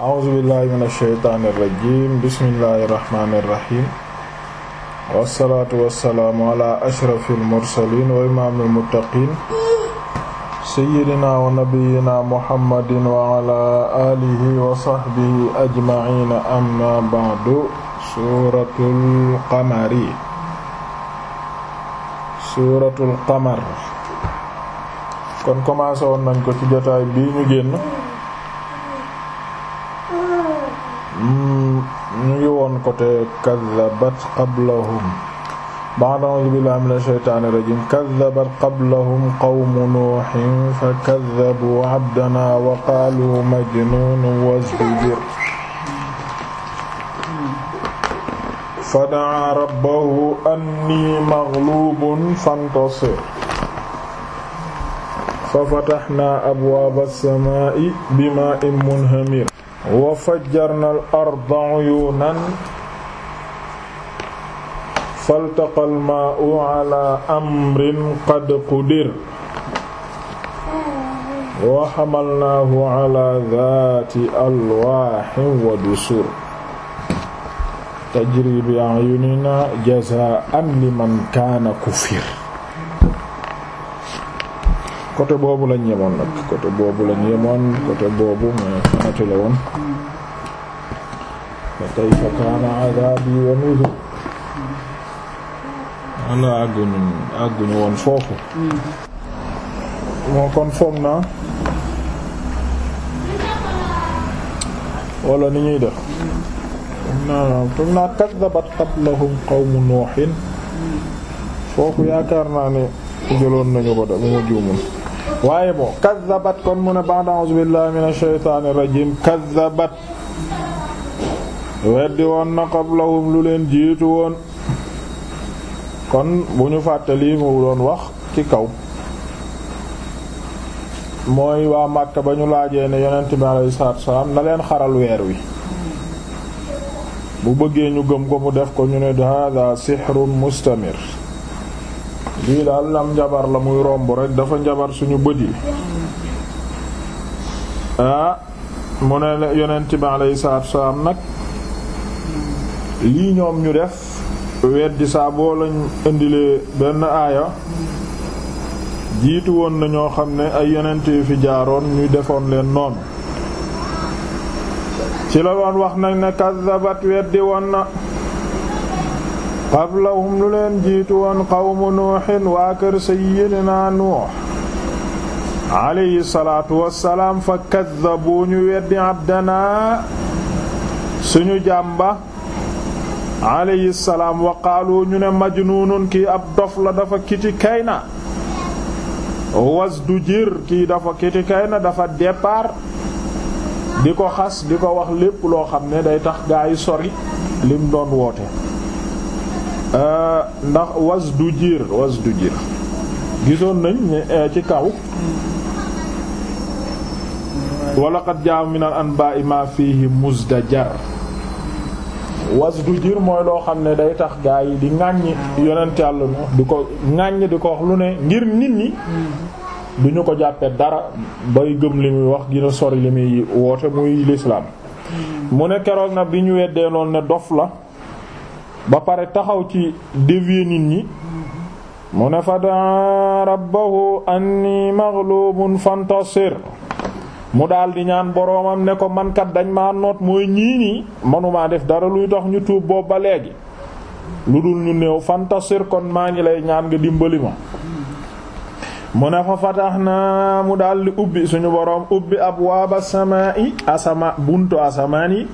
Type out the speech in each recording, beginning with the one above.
a'uuzu billahi min alsheytaani irrajim bismillahi irrahmani irrahim wassalaatu wassalaamu ala ashrafi almursalin wa imaami almuttaqin sayyidina wa nabiyina muhammadin wa ala alihi wa sahbihi ajma'ina amma ba'du suuratul qamari suuratul qamar kon commencé woon nañ ko ci jotaay bii ñu génn ñu ngi woon côté kaddabat qablahum ba'd a'uuzu billahi mina shaytaani rajiim kaddabat qablahum qawmu nuuhin fa kaddabuu abdanaa wa qaaluu majnuunun wazujir fada'aa rabbahu annii maghluubun fantasir fa fatahnaa abwaaba as-samaa'i bimaa'in munhamir wa fajjarna al-arda uyuunan faltaqa al-maa'u ala amrin qad qudir wa hamalnaahu ala zaati alwaahin wa dusur tajri bi a'yunina jazaa'an liman kaana kufir côté boobu lañ yemoon nag côté boobu lañ yemoon côté boobu mais woote la woon fa kayfa kaana adaabi wa nuzur walla àgguñu àgguñu woon foofu moo kon foog naa wala ni ñuy def na foog naa kaddabat qablahum qawmu nuuhin foofu yaakaar naa ne nañu ko da mu juumul waaye bon kaddabat kon mu ne ba'da a'uuzu billahi mina shaytaani rajiim kaddabat weddi woon na qablahum lu leen jiitu woon kon bu ñu fàttali mu doon wax ci kaw mooy waa Màkka ba ñu laajee ne yonent bi alayhi salaatu na leen xaral weer wi bu bëggee ñu gëm ko mu def ko ñu ne hada sihrun mustamir lii daal am njabar la muy romb rek dafa njabar suñu bët yi ah mu ne yonent bi alayhi salaatu salaam nag lii ñoom ñu def weddi saa boo lañ indilee benn aaya jiitu woon na ñoo xam ne ay yonent yu fi jaaroon ñu defoon leen noonu ci la wax nag ne kazzabat weddi woon na qablahum lu leen jiitu woon qawmu nuuxin waa kër sayyidinaa nuux alayhi salaatu wassalaam fa kaddabu ñu weddi abdanaa suñu jàmba alayhi salaam wa qaalu ñu ne majnuunun kii ab dof la dafa kiti kayna was du jir kii dafa kiti kayna dafa départ di ko xas di ko wax lépp loo xam ne day tax gaa sori lim doon woote Euh, ndax was du jiir was du jiir gisoon nañ euh, ci kaw wala qad jaa min al anba'i ma fihi muzdajar was du jiir mooy loo xam ne day tax gaa yi di ŋàññi yonent yàlla no di ko ŋàññi di ko wax lu ne ngir nit ñi du ko jàppee dara bay gëm li muy wax gina sori li muy woote muy lislaam mu ne keroog nag bi ñu weddee noonu ne dof la ba pare taxaw ci dévier nit ñi mu ne fa daa rabbahu anni maghlubun fantasir mu daldi ñaan boroomam ne ko mankat dañ ma noot mooy ñii nii manumaa def dara luy tax ñu tuub boobu ba léegi lu dul ñu néew fantasir kon maa ngi lay ñaan nga dimbali ma mu ne fa fatax naa mu daal di ubbi suñu boroom ubbi abwaaba samaa'i asama buntu asamaan yi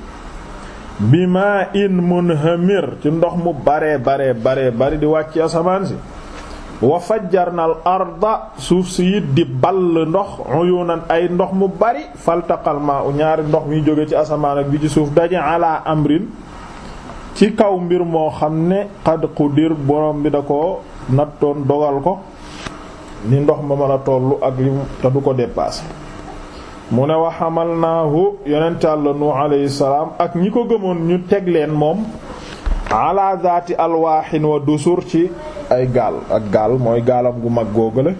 bi maa in munhamir ci ndox mu bare baree baree bari di wàcc asamaan si wa fajjarna al arda suuf si it di bal ndox uyunan ay ndox mu bari faltaqal maa u ñaari ndox mi jóge ci asamaan ak bi ci suuf daje ala amrin ci kaw mbir moo xam ne qad qudir borom bi da ko nattoon dogal ko ni ndox ma mën a tollu ak li te du ko dépasser mu ne wa xamalnaahu yonent Yàlla Nuux alayhi salaam ak ñi ko gëmoon ñu teg leen moom ala zaati alwaaxin wa dusur ci ay gaal ak gaal mooy gaalam gu mag googale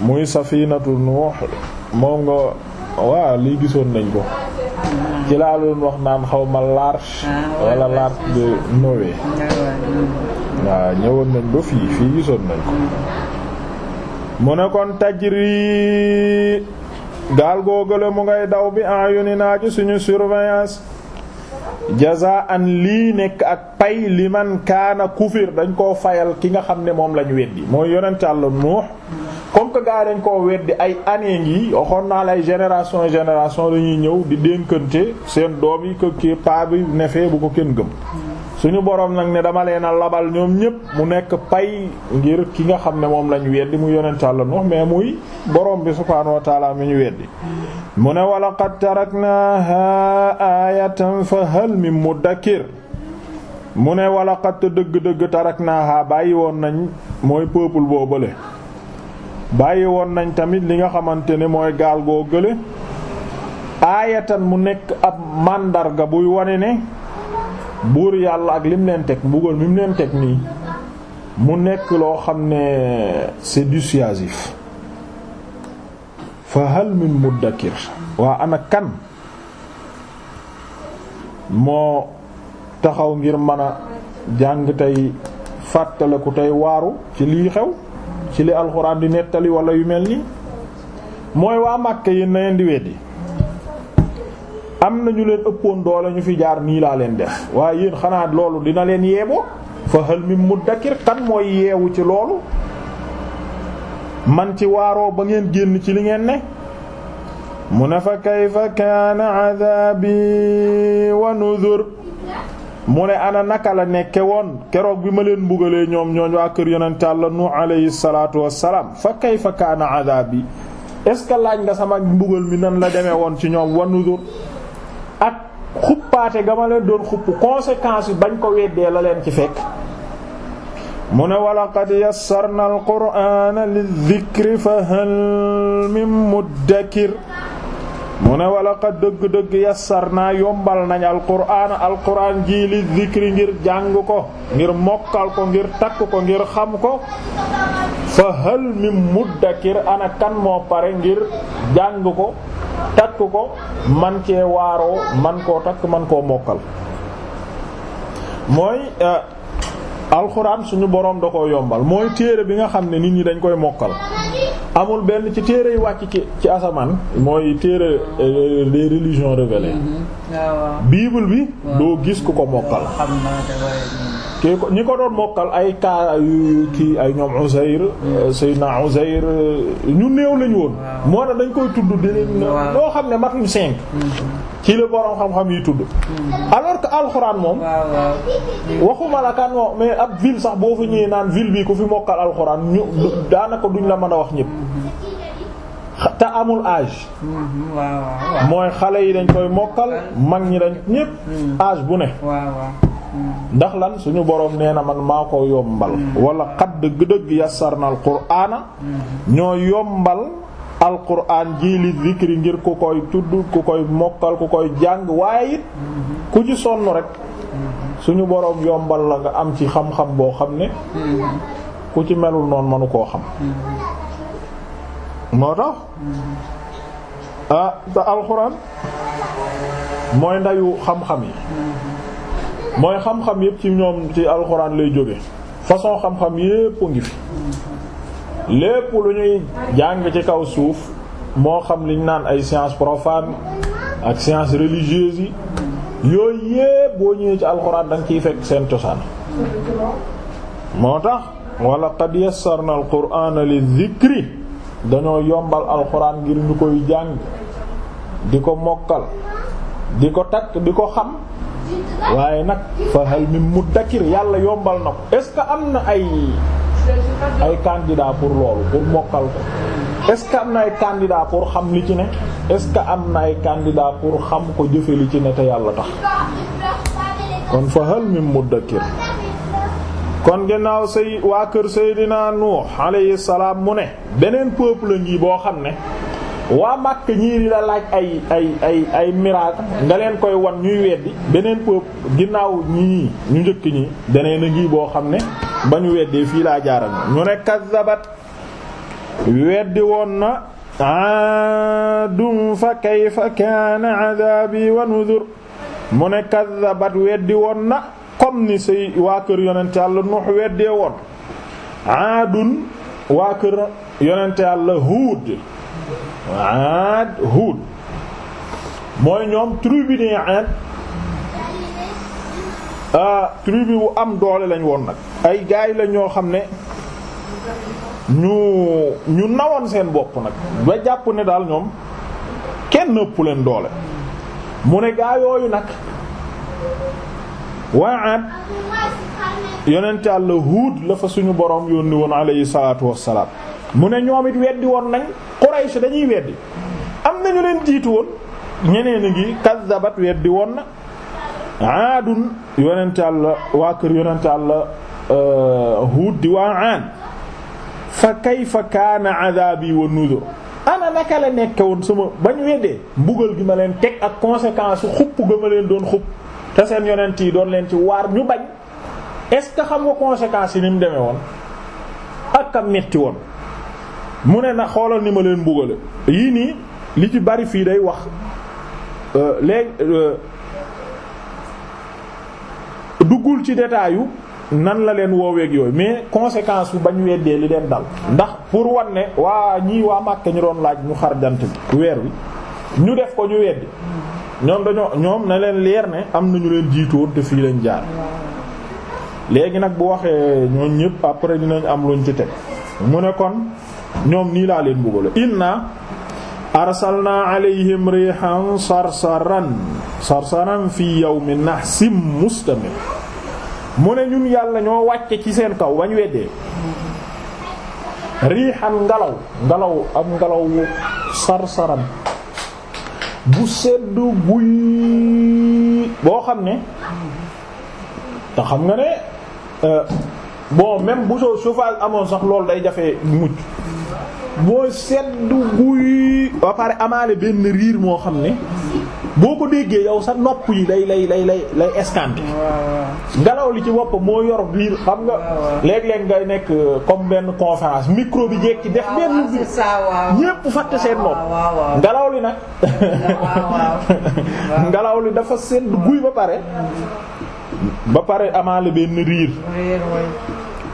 muy safiinatu Nuux moom nga waaw lii gisoon nañ ko ci laa doon wax naan xaw ma large wala large de Noé waaw ñëwoon nañ ba fii fii gisoon nañ ko mu ne kon tajri gaal googale mu ngay daw bi ayuninaa ci suñu surveillance an lii nekk ak pay li man kaana kufir dañ koo fayal ki nga xam ne moom lañu weddi mooy yonent Yàlla Nuux comme que gars yi dañ koo weddi ay année ngi waxoon naa la ay génération génération dañuy ñëw di dénkante seen doom yi ko kii paa bi nefee bu ko kenn gëm suñu borom nag ne dama leen a labal ñoom ñëpp mu nekk pay ngir ki nga xam ne moom lañ weddi mu yonent Yàlla Nuux mais muy borom bi subhaanahu wa mi ñu weddi mu ne wa laqad taraknaahaa aayatan fa hal min mudakkir mu ne wa laqad dëgg-dëgg taraknaahaa bàyyi woon nañ mooy peuple boobale bàyyi woon nañ tamit li nga xamante ne mooy gaal goo gële aayatan mu nekk ab màndarga buy wane ne buur yàlla ak lim leen teg mbugal mi mu leen teg nii mu nekk loo xam ne c'est dissuasif fa hal min muddakir waa ana kan moo taxaw ngir mën a jàng tey fàttaliku tey waaru ci lii xew ci li alxuraan di nettali wala yu mel nii mooy waa Màkka yéen na leen di weddi am na ñu leen ëppoon doole ñu fi jaar nii laa leen def waaye yéen xanaa loolu dina leen yeeboo fa mi mu muddakir kan mooy yeewu ci loolu man ci waaroo ba ngeen génn ci li ngeen ne mu ne fa kayfa kaana adaabi wa nuzur mu ne ana naka la nekke woon keroog bi ma leen mbugalee ñoom ñooñ waa kër yonent Yàlla nu alayhi salaatu wassalaam fa kayfa kaana adaabi est ce que laaj nga sama mbugal mi nan la demee woon ci ñoom wa nuzur ak xuppaate ga ma leen doon xupp conséquences yi bañ ko weddee la leen ci fekk mu ne walaqad yassarna alqur'ana lidhikri fa hal min muddakir mu ne walaqad dëgg-dëgg yassarna yombal nañ alqur'ana alqur'an ji lidhikri ngir jàng ko ngir mokkal ko ngir takk ko ngir xam ko fa hal min muddakir ana kan moo pare ngir jàng ko takk ko man cee waaroo man koo takk man koo mokkal mooy euh, alxuraan suñu boroom da koo yombal mooy téere bi nga xam ne nit ñi dañ koy mokkal amul benn ci téere yu wàcc ci asamaan mooy téere les euh, religions révélées mm-hmm. ah, bible bi doo gis ku ko mokkal kii ko ñi ko doon mokkal ay kaa yu kii ay ñoom Uzair hmm. Seydina Uzair ñu néew lañu woon moo tax dañ koy tudd di leen hmm. loo xam ne matul cinq hmm. ci la borom xam-xam yi tudd alors que alxuraan moom waxuma la kan moom mais ab ville sax boo fi ñëwee naan ville bi ku fi mokkal alxuraan ñu daanaka duñ la mën a wax ñépp te amul âge mooy xale yi dañ koy mokkal mag ñi dañ ñépp âge bu ne ndax lan suñu boroom nee na man maa ko yombal wala xad dëgg-dëgg yasar na alqur'ana ñoo yombal alqur'an ji li zikri ngir ku koy tudd ku koy mokkal ku koy jàng waaye it ku ci sonn rek suñu boroom yombal la nga am ci xam-xam boo xam ne ku ci melul noon mënu koo xam moo tax ah te alxuraan mooy ndayu xam-xam yi mooy xam-xam yépp ci ñoom ci alxuraan lay jóge façon xam-xam yépp ngi fi lépp lu ñuy jàng ci kaw suuf moo xam liñ naan ay sciences profanes ak sciences religieuses yi yooyu yépp boo ñëwee ci alxuraan da nga ciy fekk seen cosaan moo tax wala qad yassarna alqur'ana lidhikri dañoo yombal alxuraan ngir ñu koy jàng di ko mokkal di ko takk di ko xam waaye nag fa hal min muddakir yàlla yombal na ko est-ce que am na ay ay candidat pour loolu pour mokkal ko est am na ay candidat pour xam li ci ne est-ce que am na ay candidat pour xam ko jëfe li ci ne te yàlla tax kon fa hal min muddakir kon ginnaaw say waa kër Seydina Nuux alayhi salaam mu ne beneen la ngi boo xam ne waa Makka ñii di la laaj ay ay ay ay nga leen koy wan ñuy weddi beneen peuple ginnaaw ñii ñu njëkk ñi danee na ngi boo xam ne ba ñu weddee fii laa jaaral ñu ne kazzabat woon na aadum fa kayfa kaana adabi wa nuzur mu ne kazzabat weddi woon na kom ni say waa kër yonent Yàlla Nuux weddee woon aadun waa kër yonent Yàlla Huud Aad Huud mooy ñoom tribu bi Aad ah am doole lañ woon nag ay gaay la ñoo xam ne ñu ñu nawoon seen bopp nag ba jàpp ne daal ñoom kenn ëpp leen doole mu ne gaayoo yu nag waa Aad yonent Yàlla Huud la fa suñu borom yónni woon alayhi salaatu wassalaam mu ne ñoom weddi woon nañ Quraysh dañuy weddi am nañu leen jiitu woon ñeneen a ngi kazzabat weddi woon na aadun yonent Yàlla waa kër yonent Yàlla euh, Huud di waa aan fa kayfa kaana adaabi wa nuzur ana naka la nekke woon sama ba ñu weddee mbugal gi ma leen teg ak conséquence xupp ga ma leen doon xupp te seen yonent yi doon leen ci waar ñu bañ est-ce que xam nga conséquence yi ni mu demee woon ak a metti woon mu ne na xoolal ni ma leen mbugale yii nii li ci bari fii day wax euh, léegi euh, duggul ci détail nan la leen wooweek yooyu mais conséquence bu bañ weddee li leen dal ndax pour wan ne waa ñii waa Màkka ñu doon laaj ñu xar jant bi weer wi ñu def ko ñu weddi ñoom dañoo ñoom na leen leer ne am na ñu leen jiitoon te fii lañ jaar léegi nag bu waxee ñooñ ñëpp après dinañ am luñ ci teg mu ne kon ñoom nii laa leen bugale inna arsalna alayhim rihan sarsaran sarsaran fi yawmi nahsim mustamir mu ne ñun yàlla ñoo wàcce ci seen kaw bañ weddee rihan ngelaw ngelaw am ngelaw sarsaran bu sedd buy boo xam ne te xam nga ne euh, bon même bu soo amoon sax loolu day jafe mucc mooy seddu guy ba pare amaale benn riir moo xam ne boo ko déggee yow sa nopp yi lay lay lay lay lay escanté ngelaw li ci boppam moo yor biir xam nga léeg-léeg ngay nekk euh, comme benn conférence micro bi jekki def benn riir ñépp fàtte seen nopp ngelaw li nag ngelaw li dafa sedd guy ba pare ba pare amaale benn riir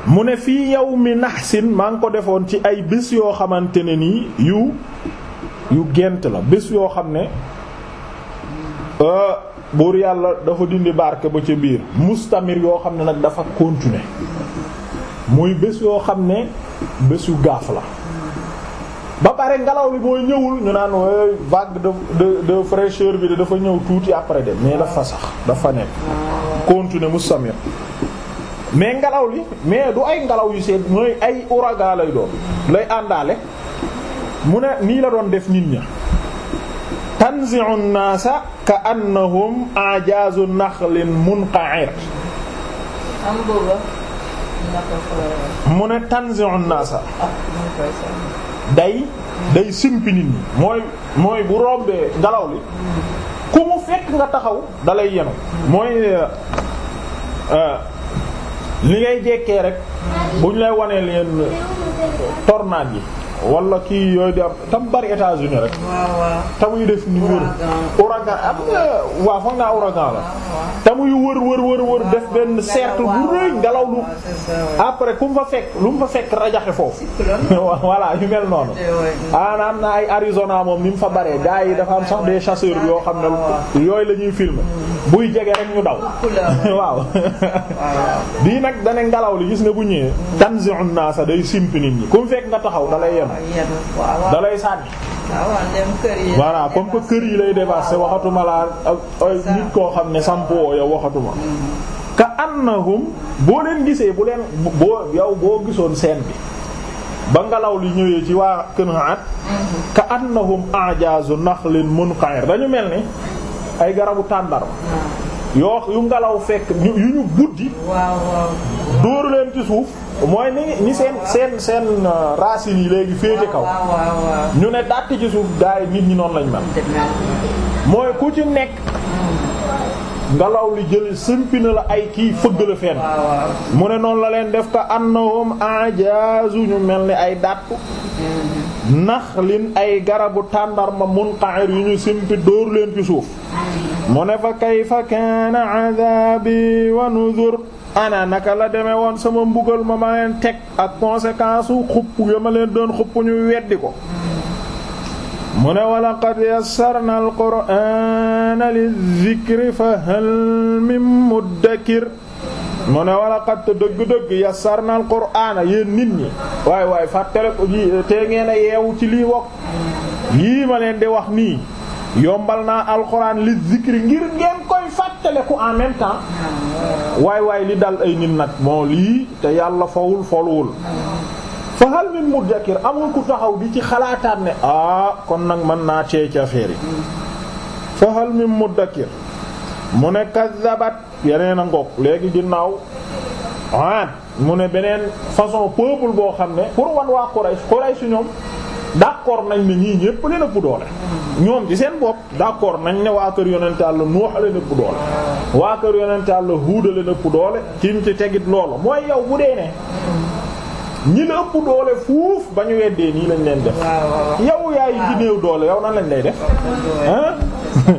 mu ne fii yow yawmi naxsin maa ngi ko defoon ci ay bés yoo xamante ne nii yu yu gent la bés yoo xam ne euh, buur yàlla dafa dindi barke ba ca biir mustamir yoo xam ne nag dafa continuer muy bés yoo xam ne yu gaaf la ba pare ngelaw bi mooy ñëwul ñu naan way vague bi de dafa ñëw tuuti après dem mais dafa sax dafa nekk continuer mustamir mais ngalaw li mais du ay ngelaw yu seet mooy ay ouragan lay doon lay àndaale mu ne nii la doon def nit ña tanzi'u an-nasa ka annahum ajazu nakhlin munqa'ir mu ne tanzi'u an day day simpi nit ñi mooy mooy bu rombee ngelaw li ku mu fekk nga taxaw dalay yenu mooy euh, li ngay jekkee rek bu ñu lay wanee leen tornade yi wala kii yooyu di am tam bari États-Unis rek. te yu def ni wër. ouragan am nga waaw foog ouragan la. te yu wër wër wër wër def benn cercle bu rëy ngelaw lu. après ku mu fa fekk lu mu fa fekk rajaxe foofu. voilà yu mel noonu. Eh, ana ah, am na ay Arizona moom ni mu fa baree gars yi dafa am sax des chasseurs yoo xam ne ah, yooyu la ñuy filmer mm. buy jege rek ñu daw. waaw. bii nag dana ngelaw li gis nga bu ñëwee. Mm. tanzi'un naasa day simpi nit ñi ku mu fekk nga taxaw da lay yem. da lay sànni. voilà comme que kër yi lay dévaster waxatuma laa ak nit koo xam ne sampoo yow waxatuma. Mm. ka annahum boo leen gisee bu leen boo yow boo gisoon seen bi ba ngelaw li ñëwee ci waa Kanaat. Mm-hmm. ka annahum a'jazu naxlin munqa'ir dañu mel ni ay garabu tàndar. Mm. yoo yu ngelaw fekk yu ñu buddi. waaw leen ci suuf. mooy ni ni seen seen seen euh, racines yi léegi ci kaw ñu ne dàtt ci suuf daay nit ñi noonu lañ mel mooy ku ci nekk ngelaw li jëli simpi na la ay kii fëgg la fenn mu ne noon la leen def ka annahum ajazu ñu mel ni ay mm-hmm. nax naxlin ay garabu tàndarma munqa'ir yu ñu simpi dóor leen ci suuf mm-hmm. mu ne fa kayfa kana adabi wa nuzur ana naka la demee woon sama mbugal ma ma leen teg ak conséquence wu xupp ya ma leen doon xupp ñu weddi ko mu ne wala qad yassarna alqur'ana lizikri fa hal min muddakir mu ne wala qad te dëgg-dëgg yassarna aana yéen nit ñi waay waay fàttale ko tee ngeen a yeewu ci lii wokk ma leen di wax nii yombal naa alxuraan li zikri ngir ngeen koy fàttaleku en même temps waay waay li dal ay nit nag moo lii te yàlla fawul foluwul fa hal min mudakkir amul ku taxaw di ci xalaataan ne ah kon nag mën naa tee ci yi fa hal min mudakkir mu ne kazabat yeneen a ngoog léegi ginnaaw ah mu ne beneen façon peuple boo xam ne pour wan waa Quraysh Quraysh ñoom d'accord nañ ni ñii ñépp leen ëpp doole ñoom ci seen bopp d'accord nañ ne waa kër yonent Yàlla Nuux leen ëpp doole waa kër yonent Yàlla Huud leen ëpp doole ki mu ci tegit loolu mooy yow bu dee ne ñi la ëpp doole fuuf ba ñu weddee nii lañ leen def yow yaay ji néew doole yow nan lañ lay def ah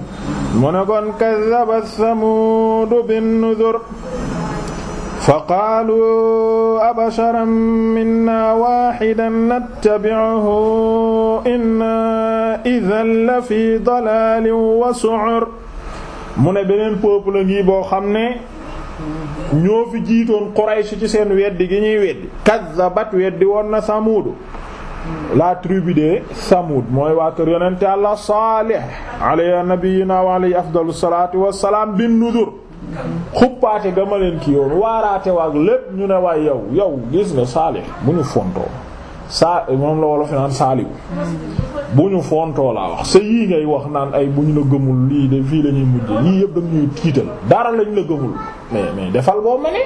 mu ne kon kazzaba Samuud bin nuzur faqaalu abasharan minna waahidan nattabi'uhu inna idhan la fi dalalin wa su'ur mu beneen peuple ngi boo xam ne ñoo fi jiitoon Quraysh ci seen weddi gi ñuy weddi kazzabat weddi woon na la tribu de Samuud mooy waa kër yonente Yàlla Saalih alayhi nabiyyina wa alayhi afdalu salaatu wassalaam xuppaate ga ma leen ki yoon waaraate waag lépp ñu ne waay yow yow gis nga saalix bu ñu fontoo saa moom la wolof naan saaliwu bu ñu fontoo laa wax sa yii ngay wax naan ay bu ñu la gëmul lii de fii la ñuy mujj yii yëpp da ñuy tiital dara lañ la gëmul mais mais defal boo ma ne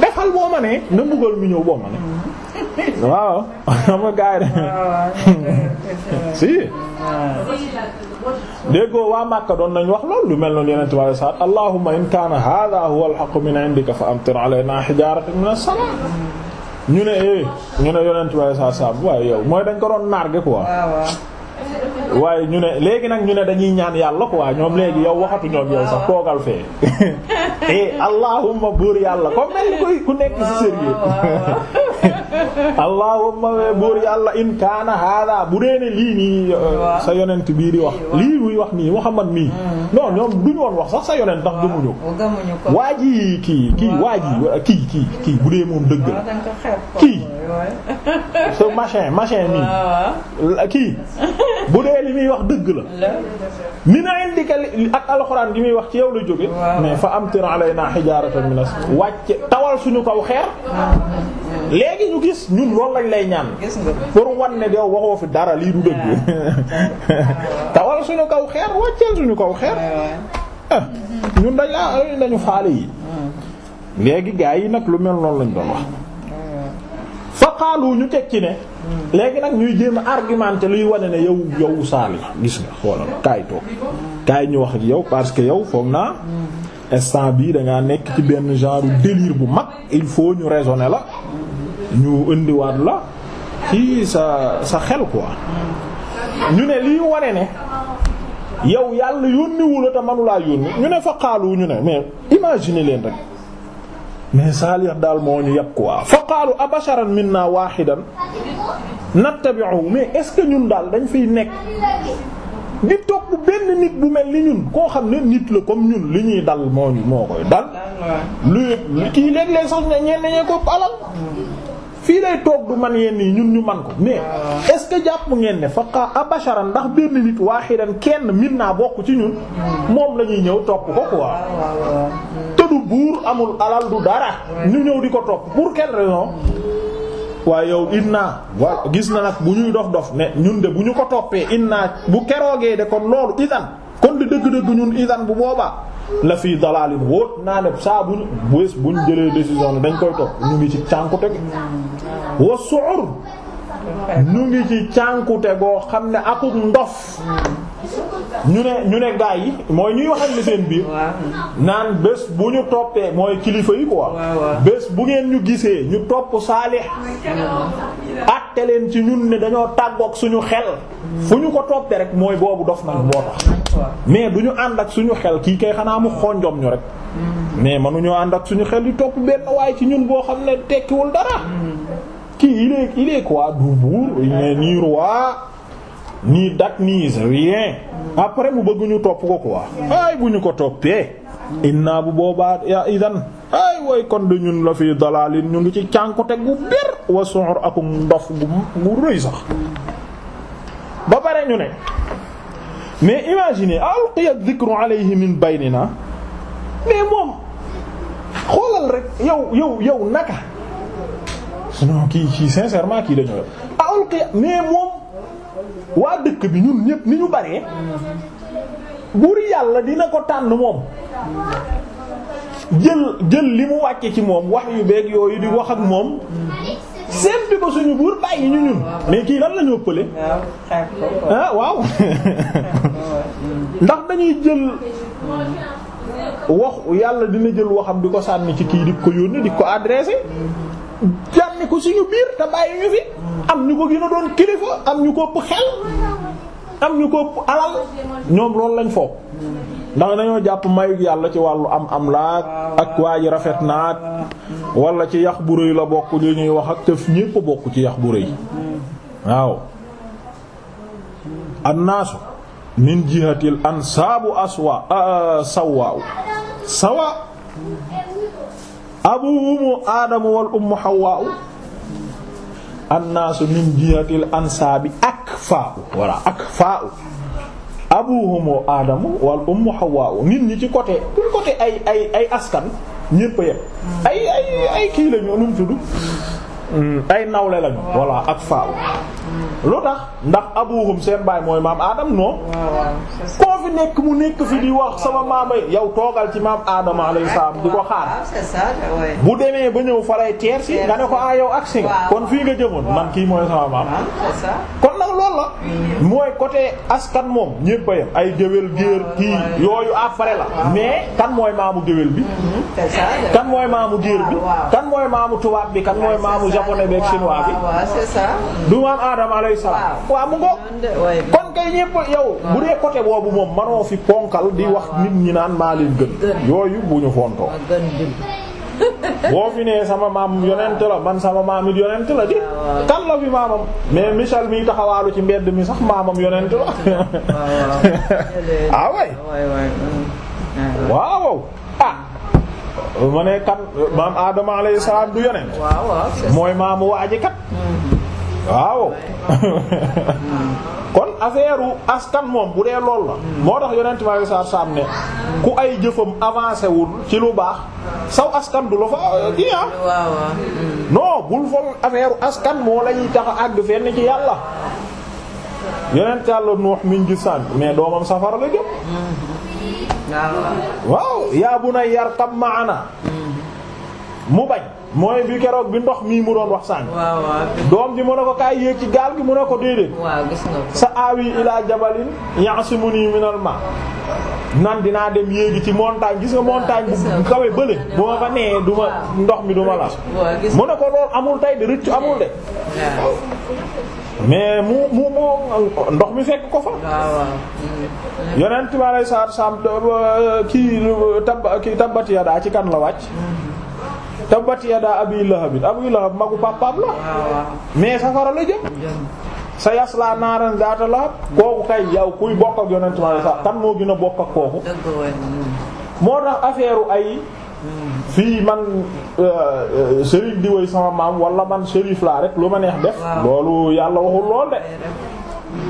defal boo ma ne na mbugal mi ñëw boo ma ne waaw ah, si ah, déggoo waa Màkka doon nañ wax lool lu mel noonu yeneen tubaab yi sax allahumma in kaana hadha huwa al-haqq min indika fa amtir alayna hijaratan min as-samaa ñu ne eh ñu ne yeneen tubaab yi sax waaye yow mooy dañ ko doon narge quoi. waaye ñu ne léegi nag ñu ne dañuy ñaan yàlla ko quoi ñoom léegi yow waxatu ñoom yow sax toogal fee eh buur yàlla ko mel koy ku nekk ci sérieux allahumma buur yàlla in kaana hada bu dee ne lii nii sa yonent biir yi wax lii muy wax nii Muhammad mii hmm. non ñoom duñu woon wax sax sa yonent ndax gëmuñu waa ji kii kii waa ji kii kii bu dee moom dëgg la kii ce machin machin mii kii bu dee li muy wax dëgg la. mi na indika ak alxuraan gi muy wax ci yow la jóge mais fa amtir alayna hijaratan min as wàcce tawal suñu kaw xeer. léegi ñu gis ñun loolu lañ lay ñaan. pour wan ne yow waxoo fi dara lii du dëgg. tawal suñu kaw xeer wàcceel suñu kaw xeer. Ah, ñun dañ laa dañu faale yi. Mm. léegi gaa yi nag lu mel noonu lañ doon wax. xaalu ñu teg ci ne léegi nag ñuy jéem a argumenté luy wane ne yow yow saali gis nga xoolal kaay toog kaay ñu wax ak yow parce que yow foog naa instant bii dangaa nekk ci benn genre délire bu mag il faut ñu raisonner la ñu indiwaat la ci sa sa xel quoi ñu ne liy wane ne yow yàlla yónniwu la te manulaa yónni ñu ne fa xaalu ñu ne mais imagine leen rek mais Saalix daal moo ñu yab quoi fa qaalu abasharan minna waahidan nattabi'uhu mais est ce que ñun daal dañu fiy nekk di topp benn nit bu mel ni ñun koo xam ne nit la comme ñun li ñuy dal moo ñu moo koy dal. lu kii léeg-léeg sax ñenn ñee ko alal. fii lay toog du man yenn yi ñun ñu man ko mais ah. est ce que jàpp ngeen ne faqa abasharan ndax benn nit waaxidan kenn min naa bokk ci ñun moom la ñuy ñëw topp ko quoi ah, hmm. te du buur amul alal du dara hmm. ñu ñëw di ko topp pour quelle waaye yow inna waaw gis na nag bu ñuy dof dof ne ñun bu ñu ko toppee inna bu keroogee de kon loolu idan kon di dëgg-dëgg ñun idan bu boobaa la fii dalaalin wóot naa ne saa buñu bés buñ jëlee décision ne dañ koy topp ñu ngi ci cànkute gi mm. wa su'ur ñu ngi ci cànkute goo xam ne akuk ndof ñu ne ñu ne gaa yi mooy ñuy waxam ni seen biir naan bés bu ñu toppee mooy kilifa yi quoi bés bu ngeen ñu gisee ñu topp saalix àtte leen ci ñun ne dañoo tàggoog suñu xel fu ñu ko toppee rek mooy boobu dof nag moo tax mais du ñu ànd ak suñu xel kii kay xanaa mu xonjom ñu rek mm. mais mënuñoo ànd ak suñu xel yi topp benn waaye ci ñun boo xam ne tekkiwul dara mm. kii il est il est quoi buur il roi ni date ni rien après mu bëgg ñu topp ko quoi ay bu ñu ko toppee inna bu boobaa ya idan ay way kon de ñun la fi dalalin ñu ngi ci cànkute gu bir wa suur akum ndof gu rëy sax ba pare ñu ne mais imaginez alqiya dhikru alayhi min baynina mais moom xoolal rek yow yow yow naka kii kii sincèrement kii dañoo awul xeex mais moom waa dëkk bi ñun ñëpp ni ñu baree buur yàlla dina ko tànn moom jël jël li mu wàcce ci moom wax yu beeg yooyu di wax ak moom séntu ko suñu buur bàyyi ñu ñun mais kii lan la ñu ëppale waaw ah, ndax dañuy jël wax yàlla dina jël waxam di ko sànni ci kii di ko yónni di ko adressé. sànni ko ñu am ñu ko ñu ko loolu lañ foog ndax dañoo jàpp mayug yàlla ci wàllu am am laat ak waa ji rafet naat wala ci yax bu rëy la bokk li ñuy wax ak tëf ñépp bokk ci yax bu rëy waaw annaasu min jihatil ansaabu aswa sawaaw sawa abuhumu aadamu wal ummu hawaa annaasu min jihatil ansaabi akfaa'u walla akfaa'u abuhumu aadamu wal ummu hawwaa'u nit ñi ci côté pour côté ay ay ay askan ñépp a yem ay ay ay kii lañu lu mu tudd mm, ay nawle lañu walla akfaa'u lu tax ndax abuhum seen baay mooy maam aadam non koo fi nekk mu nekk fi di wax sama maama yow toogal ci maam aadama alayhi salaam di ko xaar ah, bu demee ba ñëw falay teer si nga ne ko ah yow agsi nga kon fii nga jëmoon man kii mooy sama maam ah, kon nag loolu la mm. mooy côté askan moom ñéppa ay géwél ah, géer kii yooyu après la mais kan mooy maamu géwél bi mm-hmm. kan mooy maamu géer bi kan mooy maamu tubaab bi kan mooy maamu japonais bi ak chinois bi du maam aadam aadama alayhi salaam waaw mu ngo kon kay ñépp yow bu dee côté boobu moom manoo fi ponkal di wax nit ñi naan maa leen gën yooyu bu ñu fontoo boo fi sama maam yonent la man sama maam it yonent la di kan la fi maamam mais Michel miy taxawaalu ci mbedd mi sax maamam yonent la ah way waaw ah ma ne kan maam Adama alayhi salaam du yonent mooy maamu waaji kat mm-hmm. waaw kon affaire askan moom bu dee lool la moo tax yonent ma sar saam ne ku ay jëfam avancé wul ci lu baax saw askan du la fa euh, kii ah hmm. non bul foog affaire askan moo lañuy tax a àgg fenn ci yàlla yonent yàlla Nuux min gi sànq mais doomam safara la jëm hmm. waaw yaa bunayya yarkab ma'ana hmm. mu bañ mooy bi keroog bi ndox mii mu doon wax sànq. doom ji mu ne ko kaay yéeg ci gaal gi mu ne ko déedéet. waaw gis nga ko sa ilaa jabalin ya'simuni minal ma nan dinaa dem yéegi ci montagne gis nga montagne bu kawe bële bu ma fa nee du ndox mi du ma la mu ne ko loolu amul tey de rëccu amul de mais mu mu mu ndox mi fekk ko fa mm. yonent bi alei salatu euh, kii euh, tab ya daa ci kan la wàcc mm. tabbat yadaa abii lahabin abii lahab magu papaam la mais safara la jëm sa yaslaa naaran zaata lahab kooku kay yow kuy bokk ak yonent ma sax kan moo gën a bokk ak kooku moo tax affaire ay fii man euh, euh, sëriñ di way sama maam wala man sërif laa rek loolu yàlla waxul lool de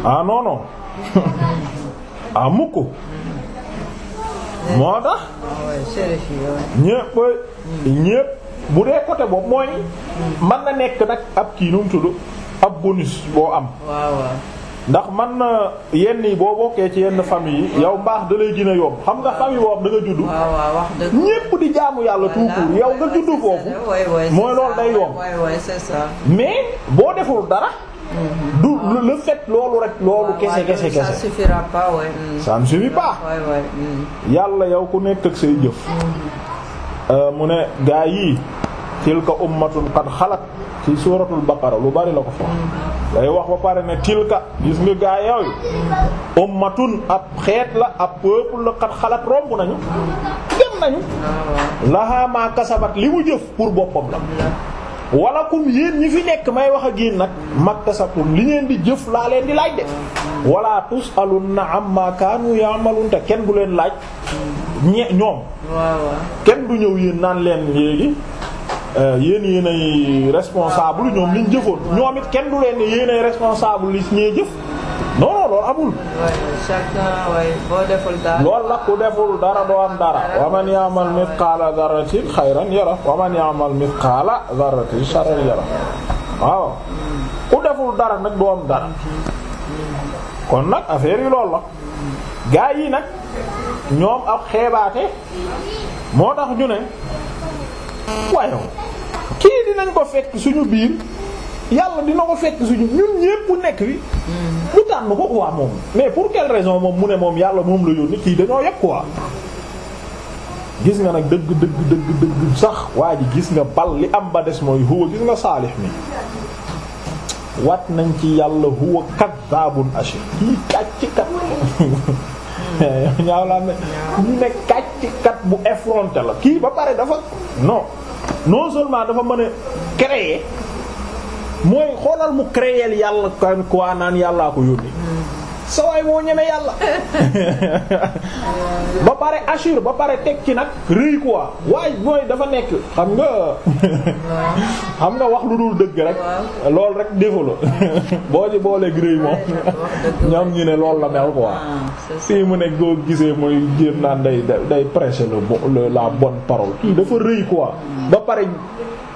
ah non non ah eh. moo tax ñépp ñépp bu dee côté boobu mooy man na nekk nag ab kii nu tudd ab bonus boo am. waaw ndax man na yenn yi boo bokkee ci yenn famille yi yow mbaax da lay gën yomb xam nga famille boo xam da nga judd ñépp di jaamu yàlla tout court nga judd foofu mooy loolu day yomb mais boo deful dara mm-hmm. du le fait loolu rek loolu kese kese kese ça suffira pas mm. ça mm. yàlla yow ku nekk ak say jëf mm-hmm. euh, mu ne gaa yi tilka ummatun qad xalat ci suuratul baqara lu bari la ko fa day wax ba pare ne tilka gis nga gaa yooyu ummatun ab xeet la ab peuple la qad xalat romb nañu dem nañu lahaa kasabat li mu jëf pour boppam la walakum yéen ñi fi nekk may wax ak yéen nag maktasatum li ngeen di jëf laa leen di laaj de wala tusaluna amma kaanu ya'malun te kenn bu leen laaj ñe ñoom kenn du ñëw yéen naan leen léegi Euh, yéen yéenay responsable ñoom liñ jëfoon ñoom it kenn du leen ne yéenay responsable li ñee jëf non loolu amul. loolu la ku deful dara doo am dara. wa man ya'mal mithqaala dharratin khayran yara wa man ya'mal mithqaala dharratin sharran yara waaw ku deful dara nag doo am dara kon nag affaire yi loolu la gaa yi nag ñoom ab xeebaate moo tax ñu ne. waaye kii dinañ ko fekk suñu biir yàlla dina ko fekk suñu ñun ñépp nekk bi mu tànn ko quoi moom mais pour quelle raison moom mu ne moom yàlla moom la yoon yónni kii dañoo yëpp quoi gis nga nag dëgg dëgg dëgg dëgg sax waa ji gis nga bal li am ba des mooy huwa gis nga saalix mi wat nañ ci yàlla huwa kaddaabun ashir kii kàcc kat ñaaw laa mel mu ne kàccikat bu effronté la kii ba pare dafa non non seulement dafa mën a créer mooy xoolal mu créer yàlla kan quoi naan yàllaa ko yónni hmm. ay moo ñeme yàlla ba pare assure ba pare teg ci nag rëy quoi waaye mooy dafa nekk xam nga xam nga wax lu dul dëgg rek loolu rek défaut boo ci booleeg rëy moom ñoom ñu ne loolu la mel quoi ah, fii mu ne goo gisee mooy jéem naan day day prêcher le la bon parole kii hmm. dafa rëy quoi hmm. ba pare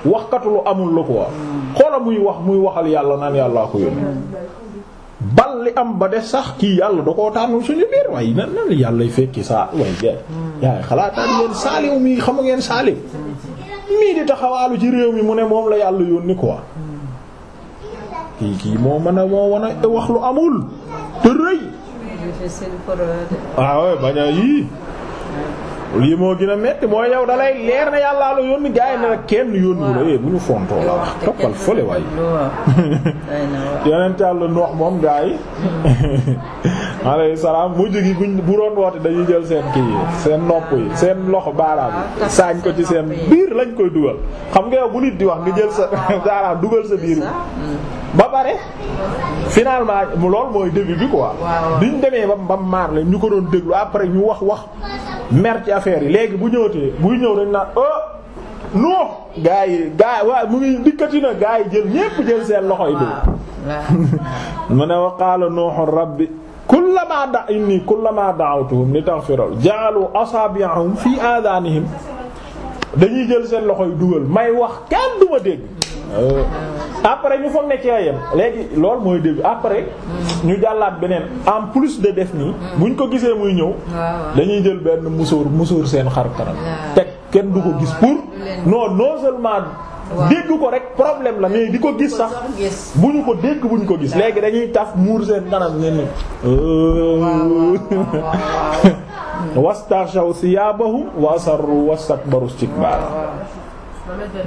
waxkatu lu amul la quoi hmm. xoola muy wax muy waxal yàlla naan yàllaa ko yónni bal li am ba de sax kii yàlla da koo tànnul suñu biir waaye nan nan yàlla fekki saa waaye de hmm. yaay xalaataan ngeen saaliw mii ngeen saaliw mii di taxawaalu ci réew mi mu ne moom la yàlla yónni quoi hmm. kii kii moo mën a moo wan a wax lu amul te rëy waaw ah yii lii moo gën a metti mooy yow da lay leer na yàllaa la yónni gaa yi na kenn yónniwu eh, bu ñu fontoo la wax toppal fële waaye. yeneen taal la noox moom gaa yi. alayhi salaam mujj gi buñ bu doon woote dañuy jël seen kii seen nopp yi seen loxo baaraam yi ah, saañ ko ci seen biir lañ koy dugal xam nga yow bu nit di wax nga jël sa baaraam ah, dugal sa biir. ba bare finalement loolu mooy début bi quoi. diñ demee ba ba maar leen ñu ko doon déglu après ñu wax wax mer ci affaire yi léegi bu ñëwtee buy ñëw dañ naan oh. non gaa yi gaa waaw mu ngi dikkati na gaa yi jël ñépp jël seen loxo yi du mu ne wa qaala nuuhu rabbi kullamaa da inni kullamaa da'awtuhum li taghfira ja'alu asaabi'ahum fi aadanihim dañuy jël seen loxo yi dugal may wax kenn duma dégg euh, après ñu foog ne ci yem léegi loolu mooy début après ñu jàllaat beneen en plus de def nii buñ ko gisee muy ñëw dañuy jël benn musóor musóor seen xar kanam teg kenn du ko gis pour non non seulement dégg ko rek problème la mais di ko gis sax bu ñu ko dégg bu ko gis léegi dañuy taf muur seen kanam ngeen ni wastarshaw thiyabahum wa asarru wastakbaru istikbara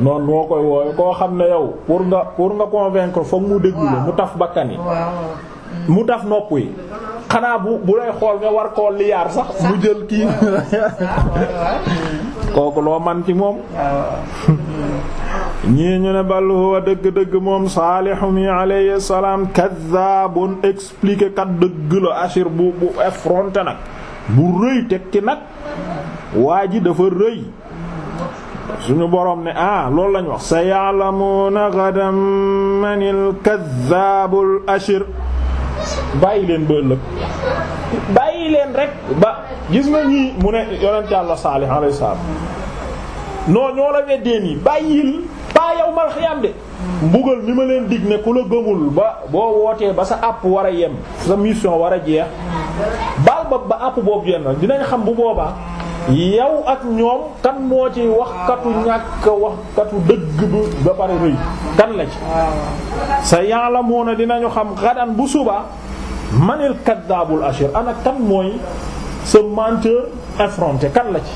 noonu moo koy woowe koo xam ne yow pour nga pour nga convaincre foog mu déglu la mu taf bakkan yi mu taf nopp yi xanaa bu bu lay xool nga war koo liyaar sax mu jël kii kooku loo man moom ñii ñu ne bal huwa dëgg-dëgg moom saalihu mi salaam kaddaabun expliqué kat dëgg la ashir bu bu effronté nag bu rëy tekki nag waa ji dafa rëy suñu boroom ne ah loolu lañ wax sa ya'lamuuna gadan manil kaddaabul ashir bàyyi leen ba bàyyi leen rek ba gis nga ñii mu ne yonent Yàlla Saalih alayhi salaam non ñoo la weddee nii bàyyil ba yawmal xiyaam de mbugal mi ma leen dig ne ku la gëmul ba boo wootee ba sa àpp war a yem sa mission war a jeex baal ba ba àpp boobu yenn dinañ xam bu boobaa yow ak ñoom kan moo ci waxkatu ñàkk waxkatu dëgg ba pare rëy kan la ci sa yàlla moo na dinañu xam xadan bu suba manil kaddaabul ashir ana kan mooy ce menteur effronté kan la ci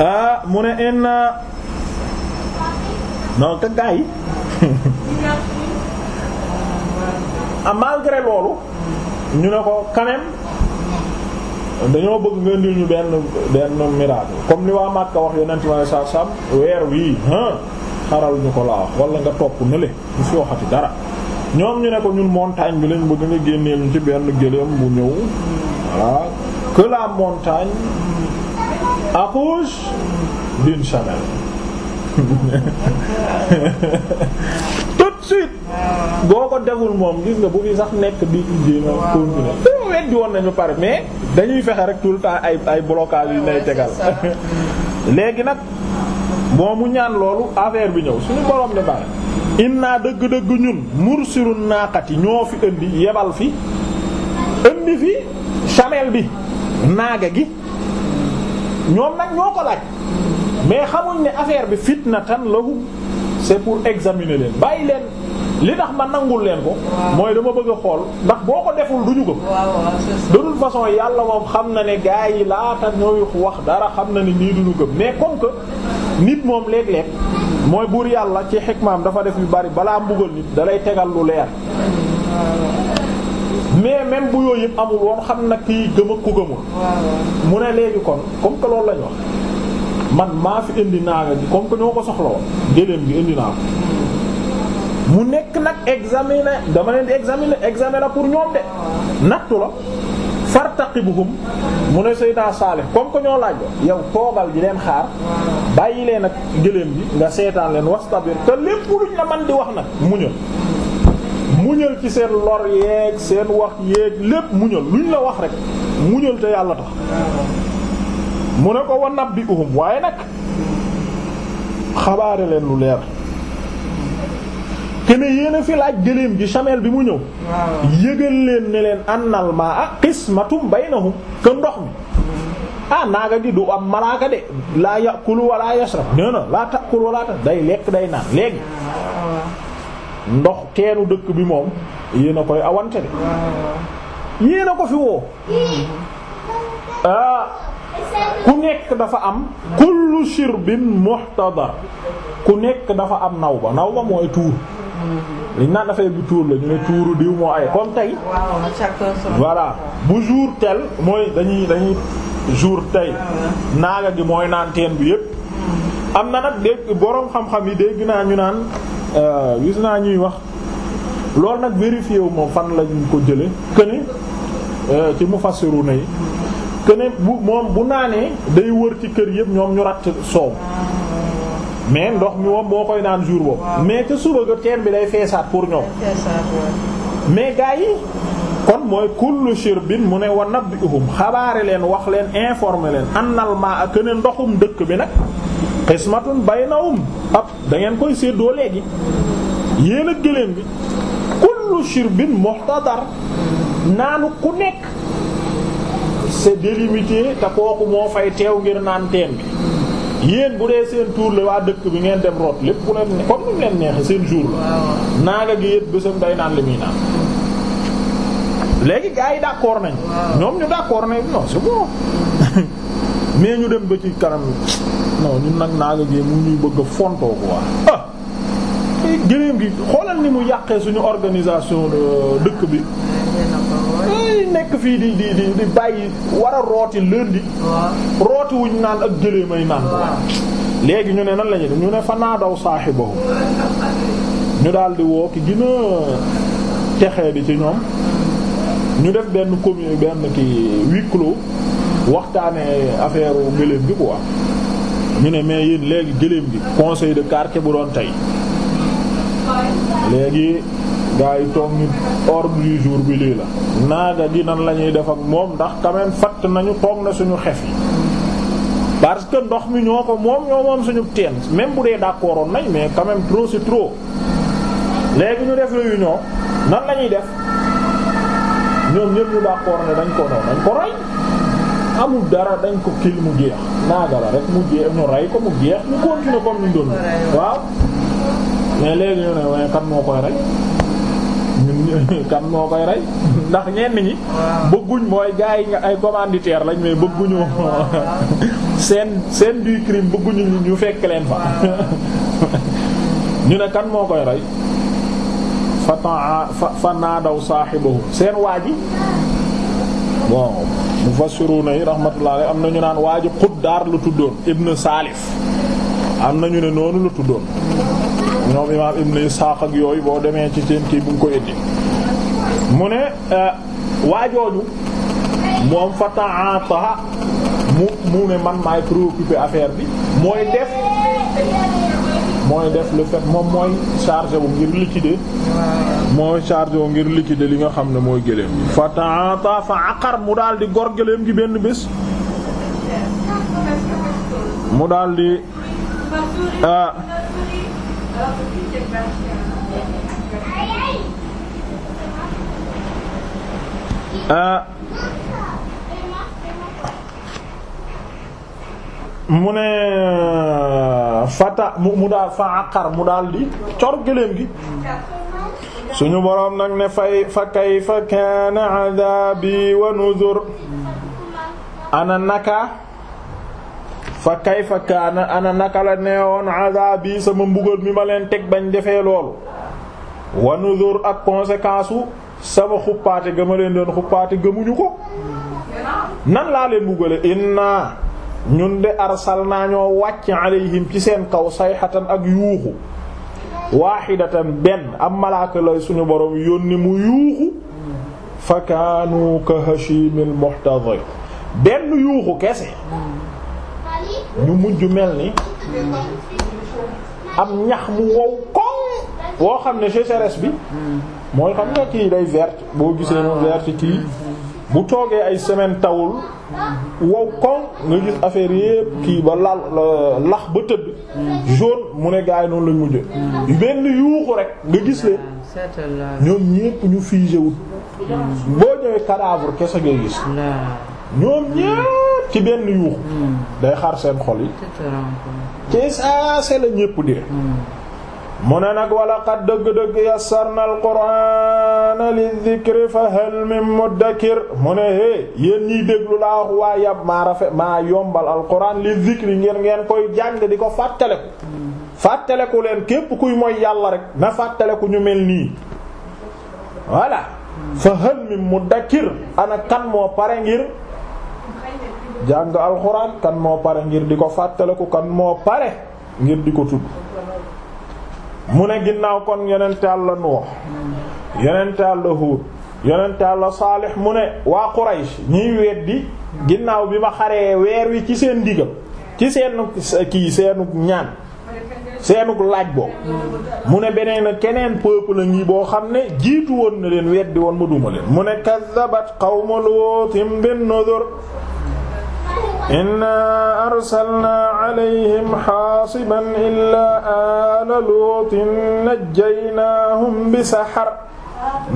ah mu ne inna non te gaa yi ah, malgré loolu ñu ne ko quand dañoo bëgg nga indil ñu benn benn miracle comme li waa Makka wax yonent ma sa sam weer wii xaral ñu ko laa wax wala nga topp nële bu fi waxati dara ñoom ñu ne ko ñun montagne bi lañ bëgg nga génneel ñu ci benn gëléem bu ñëw voilà que la montagne accouche d'une boo ko deful moom gis nga nekk di jéema continuer do weddi woon nañu pare mais dañuy fexe rek tout le temps ay ay blocage yi léegi nag boo mu ñaan loolu affaire bi ñëw suñu borom ne bare inna dëgg-dëgg ñun mursilu naaqati ñoo fi indi yebal fi indi fi bi naaga gi ñoom nag ñoo ko laaj mais xamuñ ni affaire bi fitnatan lahum c'est pour examiner leen bàyyi leen li tax ma nangul leen ko mooy dama bëgg xool ndax boo ko deful duñu ñu gëm de façon yàlla moom xam na ne gaa yi laata ñooy wax dara xam na ni nii du ñu gëm mais comme nit moom léeg-léeg mooy buur yàlla ci xikmaam dafa def yu bari balaa mbugal nit dalay tegal lu leer mais même bu yooyu yëpp amul xam na kii gëm ak ku gëmul mu ne léegi kon comme que loolu lañ wax man maa fi indi naaga gi comme que ñoo ko soxla woon géléem gi indi naa ko mu nekk nag examiner dama leen di examiner examiner pour ñoom de nattu la fartaqibuhum mu ne Seydina Salih comme que ñoo laaj yow toogal di leen xaar bàyyi leen ak gëléem bi nga seetaan leen wastabir te lépp luñ la man di wax nag muñal muñal ci seen lor yeeg seen wax yeeg lépp muñal luñ la wax rek muñal te yàlla tax mu ne ko wa nabbi uhum waaye nag xabaare leen lu leer kene yéen a fi laaj gëléem bi mu ñëw yëgal leen ne leen annal maa ah qismatum baynahum que ndox mi mm. ah naaga gi du am malaaka de laa yakulu wala yashrab nee na laa takul wala ta day lekk day naan léegi ndox keenu dëkk bi moom yéen koy awante de yéen ko fi woo mm-hmm. ah ku nekk dafa am kullu shirbin muhtadar ku nekk dafa am naw ba naw ba mooy tuur liñ naan dafay bu tuur la ñu ne tuuru diw moo ay comme tey voilà bu jour tel mooy dañuy dañuy jour tey naaga gi mooy naan teen bi yépp am na nag dégg boroom xam-xam yi dégg naa ñu naan euh, gis naa ñuy wax loolu nag vérifié wu moom fan lañ ko jële que ne euh, ci mufassiru na yi que bu moom bu naanee day wër ci kër yëpp ñoom ñu ratt soow mais ndox mi moom moo koy naan jour boobu. mais ca suba ga teen bi day feesaat pour ñoom. mais gars yi kon mooy kullu shirbin mu ne wa nabbi'uhum xabaare leen wax leen informer leen annal maa ak ne ndoxum dëkk bi nag xismatun baynahum ab da ngeen koy séddoo léegi yéen a gëléem bi kullu shirbin muhtadar naanu ku nekk. c'est délimité te kooku moo fay teew ngir naan teen bi yéen bu dee seen tour la waa dëkk bi ngeen dem root lépp bu leen comme ni mu leen neexe seen jour la naaga gi yët bésam day naan li léegi gars yi d'accord nañ ñoom ñu d'accord nañ non c'est bon mais ñu dem ba ci kanam non ñun nag naaga gi mu ñuy bëgg a fontoo quoi ah gëléem gi xoolal ni mu yàqee suñu organisation dëkk bi nekk fii di di di di bàyyi war a rooti lundi. rooti naan ak jëlee may naan. léegi ñu ne nan la ñu ñu ne fa naa daw saahibahu ñu daal di woo ki gën a texee di ci ñoom ñu def benn commune benn ki huis clos waxtaane affaire gëléem bi quoi ñu ne mais yéen léegi gëléem gi conseil de quartier bu doon tey léegi. gaa yi toog ni ordre du jour bi lii la naaga gi nan la ñuy def ak moom ndax quand même fatt nañu toog na suñu xef yi parce que ndox mi ñoo ko moom ñoo moom suñu teen même bu dee d'accordoon nañ mais quand même trop c'est trop léegi ñu def réunion nan la ñuy def ñoom ñëpp ñu d'accord dañ ko noonu dañ ko rey amul dara dañ ko kil mu jeex naaga la rek mu jeex ñu rey ko mu jeex ñu continuer comme ñu doon waaw mais léegi ñu ne waaye kan moo koy rey ñun kan moo koy rey ndax ñenn ñi bëgguñ mooy gars yi ay commanditaire lañ mais bëgguñu seen seen du crime bëgguñu ñu fekk leen fa ñu ne kan moo koy rey fa temps fa naa daw saaxibahu seen waa ji bon mufassiruna yi rahmatullah am na ñu naan waa ji Quddaar la tuddoon ibn Salif am na ñu ne noonu la tuddoon ñoom imaam ibn Isxaaq ak yooyu boo demee ci seen kii bu ngi ko indi mu ne euh, waajooju moom fa ta'ata mu mu ne man maay préoccupé affaire bi mooy def mooy def le fait moom mooy chargé wu ngir liquider mooy chargé wu ngir liquider li nga xam ne mooy gëléem gi fa ta'ata fa aqar mu daal di gor gëléem gi benn bés mu daal di euh, Euh, mu ne euh, fata mu daal fa àqar mu daal di cor gëléem gi suñu boroom nag ne fay fa kayfa kaana adabi wa nuzur ana naka fa kayfa kaana ana naka la neewoon azaabi sama mbugal mi ma leen teg bañ defee loolu wa nuzur ak conséquence wu sama xuppaate ga ma leen doon xuppaate gëmuñu ko nan laa leen mbugale inna ñun de arsal naa ñoo wàcc alayhim ci seen kaw say sayxatan ak yuuxu waaxidatan benn am malaaka lay suñu borom yónni mu yuuxu fa kaanu ka hashimil muhtadir benn yuuxu kese ñu mujj mel ni am ñax mu wow koŋ woo xam ne sécheresse bi mooy xam nga kii day vert boo gisee mu verte kii bu toogee ay semaine tawul wow koŋ nga gis affaire yépp kii ba lax ba tëdd jaune mu ne gaay noonu lañ mujj hmm. benn yuuxu rek nga gis leen hmm, ñoom ñépp ñu figé hmm. boo ñëwee cadavre kese ngay gis ñoom ñépp ci benn yuuxu hmm. day xar seen xol yi ci saa la ñépp dee hmm. mu ne nag wala qad dëgg-dëgg yassarna alqur'ana lidhikri fa hal min muddakir mu ne hé yéen ñiy déglu laa wax waa yab maa rafe maa yombal alqur'an lidhikri ngeen ngeen koy jàng di ko fàttaleku hmm. fàttaleku leen képp kuy mooy yàlla rek na fàttaleku ñu mel nii voilà fa hal min muddakir ana kan moo pare ngir jàng alxuraan kan moo pare ngir di ko fàttale fàttaliku kan moo pare ngir di ko tudd mu ne ginnaaw kon yonent Yàlla Nuux yonent Yàlla Huud yonent Yàlla Saalix mu ne waa Quraysh ñiy weddi ginnaaw bi ma xaree weer wi ci seen ndigal ci seenu kii seenu ñaan seenug laaj boobu mu ne beneen keneen peuple ngi boo xam ne jiitu woon na leen weddi won ma duma leen mu ne kazzabat qawmu Luutin bin nuzur inna arsalnaa alayhim xaasiban illaa aala luutin najjaynaahum bi saxar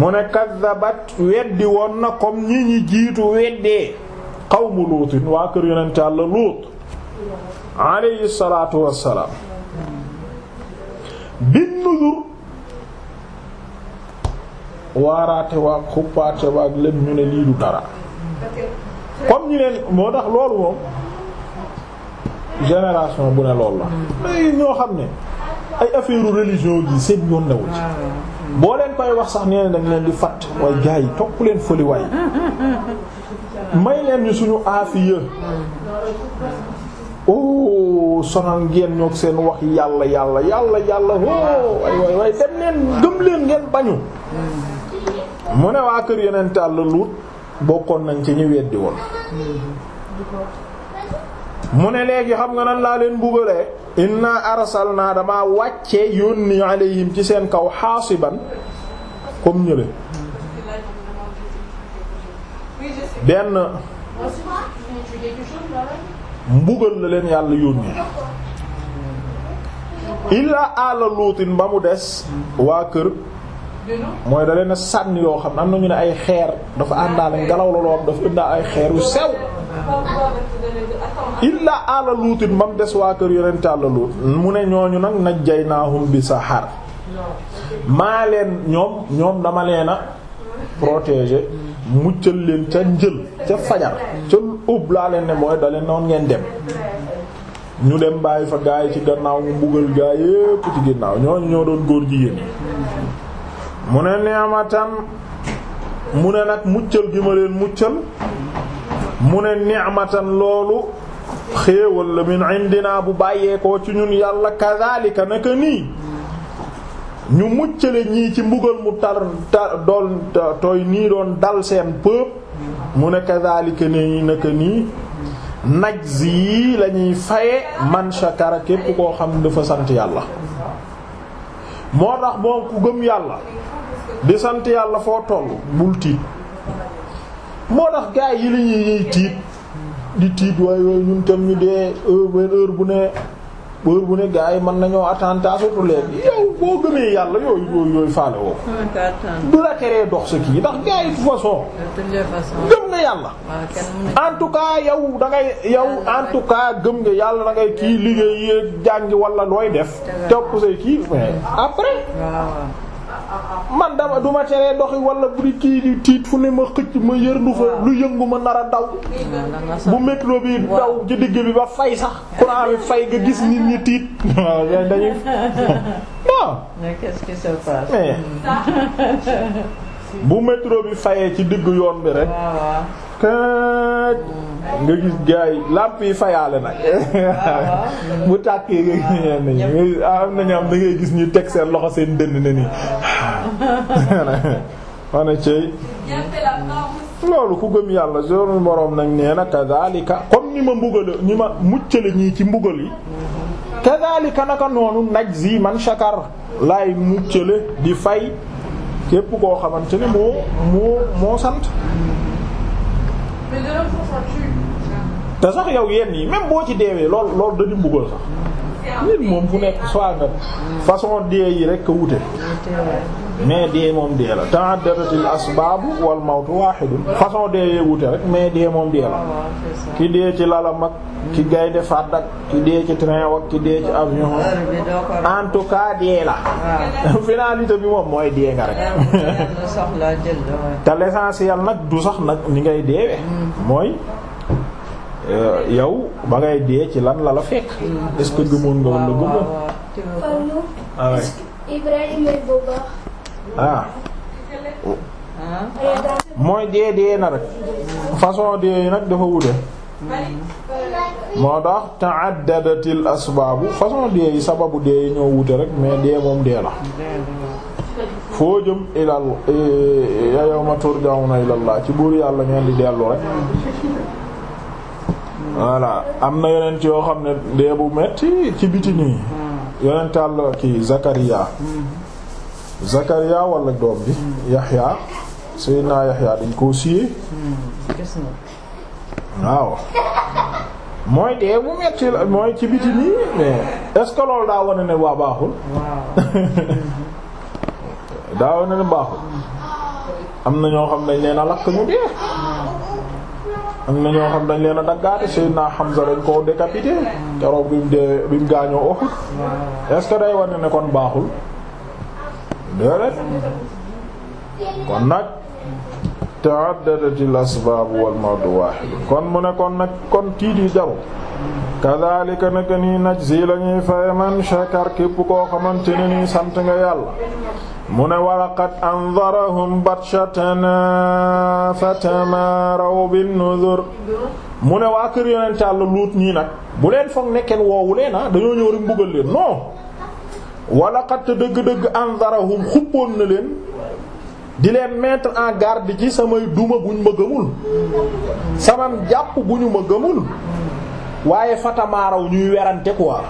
mu ne kaddabat weddi woon na comme ñi ñi jiitu weddee qawmu luutin waa kër yonent Yàlla luut alayhi salaatu wassalaam bin nuzur waaraate waag xuppaate waag lépp ne lii du dara comme ñi leen moo tax loolu moom génération bu ne loolu la mais ñoo xam ne ay affaire religion ji seen yoon newul boo leen koy wax sax nee na dañ leen di fatt waaye gars yi topp leen fëli waay may leen ñu suñu aafiya oh sonal ngeen ñoog seen wax yàlla yàlla yàlla yàlla oh way way way dem leen gëm leen ngeen bañu mu ne waa kër yeneen tàll luut bokkoon nañ ci ñu weddi woon mu ne léegi xam nga nan laa leen mbugalee inna arsalna dama wàcce yónni alayhim ci seen kaw xaasiban comme ñële benn mbugal la leen yàlla yónni illaa ala luutin ba mu des waa kër mooy da leen sànni yoo xam ne am na ñu ne ay xeer dafa àndaale ngelaw la loo dafa ëndaa ay xeer yu sew illaa ala luutin ba des waa kër yonent àlla luut mu ne ñooñu nag naa najjaynaahum bi sahar maa leen ñoom ñoom dama leen a protéger muccal leen ca njël ca fajar ca ub laa leen ne mooy da leen noon ngeen dem ñu dem bàyyi fa gaay ci gannaaw mu mbugal gaay yépp ci ginnaaw ñooñu ñoo doon góor jigéen yi mu ne ni'matan mu ne nag muccal gi ma leen muccal mu ne ni'matan loolu xéewal la min indina bu bàyyeekoo ci ñun yàlla kadhalika naka nii ñu muccale ñii ci mbugal mu tar tar doon tooy nii doon dal seen pëpp mu ne kadhalika nii naka nii najzi yi la ñuy faye man shakara képp xam dafa sant yàlla moo tax boo ku gëm yàlla di sant yàlla foo toll bul tiit moo tax gaa yi li tiit di tiit waaye ñun tam ñu dee heure bu ne bër bu ne gars yi mën nañoo attentat surtout léegi yow boo gëmee yàlla yooyu yooyu yooyu faale woo du la teree dox sa kii ndax gars yi de façon gëm nga yàlla en tout cas yow da ngay yow en tout cas gëm nga yàlla da ngay kii liggéey yéeg jàngi wala looy def topp say kii après man dama du ma teree doxi wala bu di kii di tiit fu ne ma xëcc ma yërndu fa lu yëngu ma nar a daw bu métro bi daw ci digg bi ba fay sax courant bi fay nga gis nit ñi tiit bu métro bi faye ci diggu yoon bi rek këj nga gis gars yi yi fayaale nag bu tàkkee nga gis ñenn ah, gis ñu teg seen loxo seen dënd na nii wane cëy loolu ku gëm yàlla sunu boroom nag nee na kadhalika comme ni ma mbugale ñi ma muccale ñii ci mbugal yi kadhalika naka noonu najzi man shakar laay muccale di fay képp koo xamante ne moo moo sant te sax yow yenn yi même boo ci deewee lool lool da di sax. nit moom fu nekk soit nga mm. façon dee yi rek a wute. mais dee moom dee la ta'addadatil asbaab wal mawtu waahidun façon dee yee wute rek mais dee moom dee la ah, ki dee ci lalam ak ki gaynde fàdd ak ki dee ci train ak ki dee ci avion en tout cas dee la ah. finalité bi moom mooy dee nga rek te l'essentiel nag du sax nag ni ngay deewe mm. mooy euh, yow ba ngay dee ci lan la la fekk mm. est que gëmoon nga walla gëmoon ah mooy dee dee na rek façon dee yi nag dafa wute moo tax ta'addadatil asbaabu façon dee yi sababu dee yi ñoo wute rek mais dee moom dee la foo jëm ilal eh, yawma turja'una ilallah ci buur yàlla ngeen di dellu rek voilà am na yonent yoo xam ne dee bu metti ci biti nii yonent Yàlla ki Zakariya Zakaria wala doom bi Yaxya Seydina Yaxya dañ koo siyee waaw mooy dee bu metti la mooy ci biti nii mais est-ce que loolu daa wane ne waa baaxul daa wane ne baaxul am na ñoo xam dañ leen a lakk ñu dee am na ñoo xam dañ leen a daggaate Seydina Hamza dañ koo décapité keroog bi mu dee bi gaañoo Uhud est-ce que day wane ne kon baaxul déedéet kon nag ta'addadatil asbaab wal mawdu waahid kon mu ne kon nag kon tiit yi jaru kadhalika naka nii najzi lañuy faye man shakar képp koo xamante ne nii sant nga yàlla mu ne walaqad anzarahum batshatana fatamaraw bin nuzur mu ne waa kër yonent Yàlla Luut ñii nag bu leen foog nekkeen woowu leena ah, dañoo ñëw rek mbugal leen non wala xat dëgg-dëgg anzarahum xuppoon na leen di leen mettre en garde ci samay duma buñ ma gëmul samam jàpp bu ñu ma gëmul waaye fatamaaraw ñuy werante quoi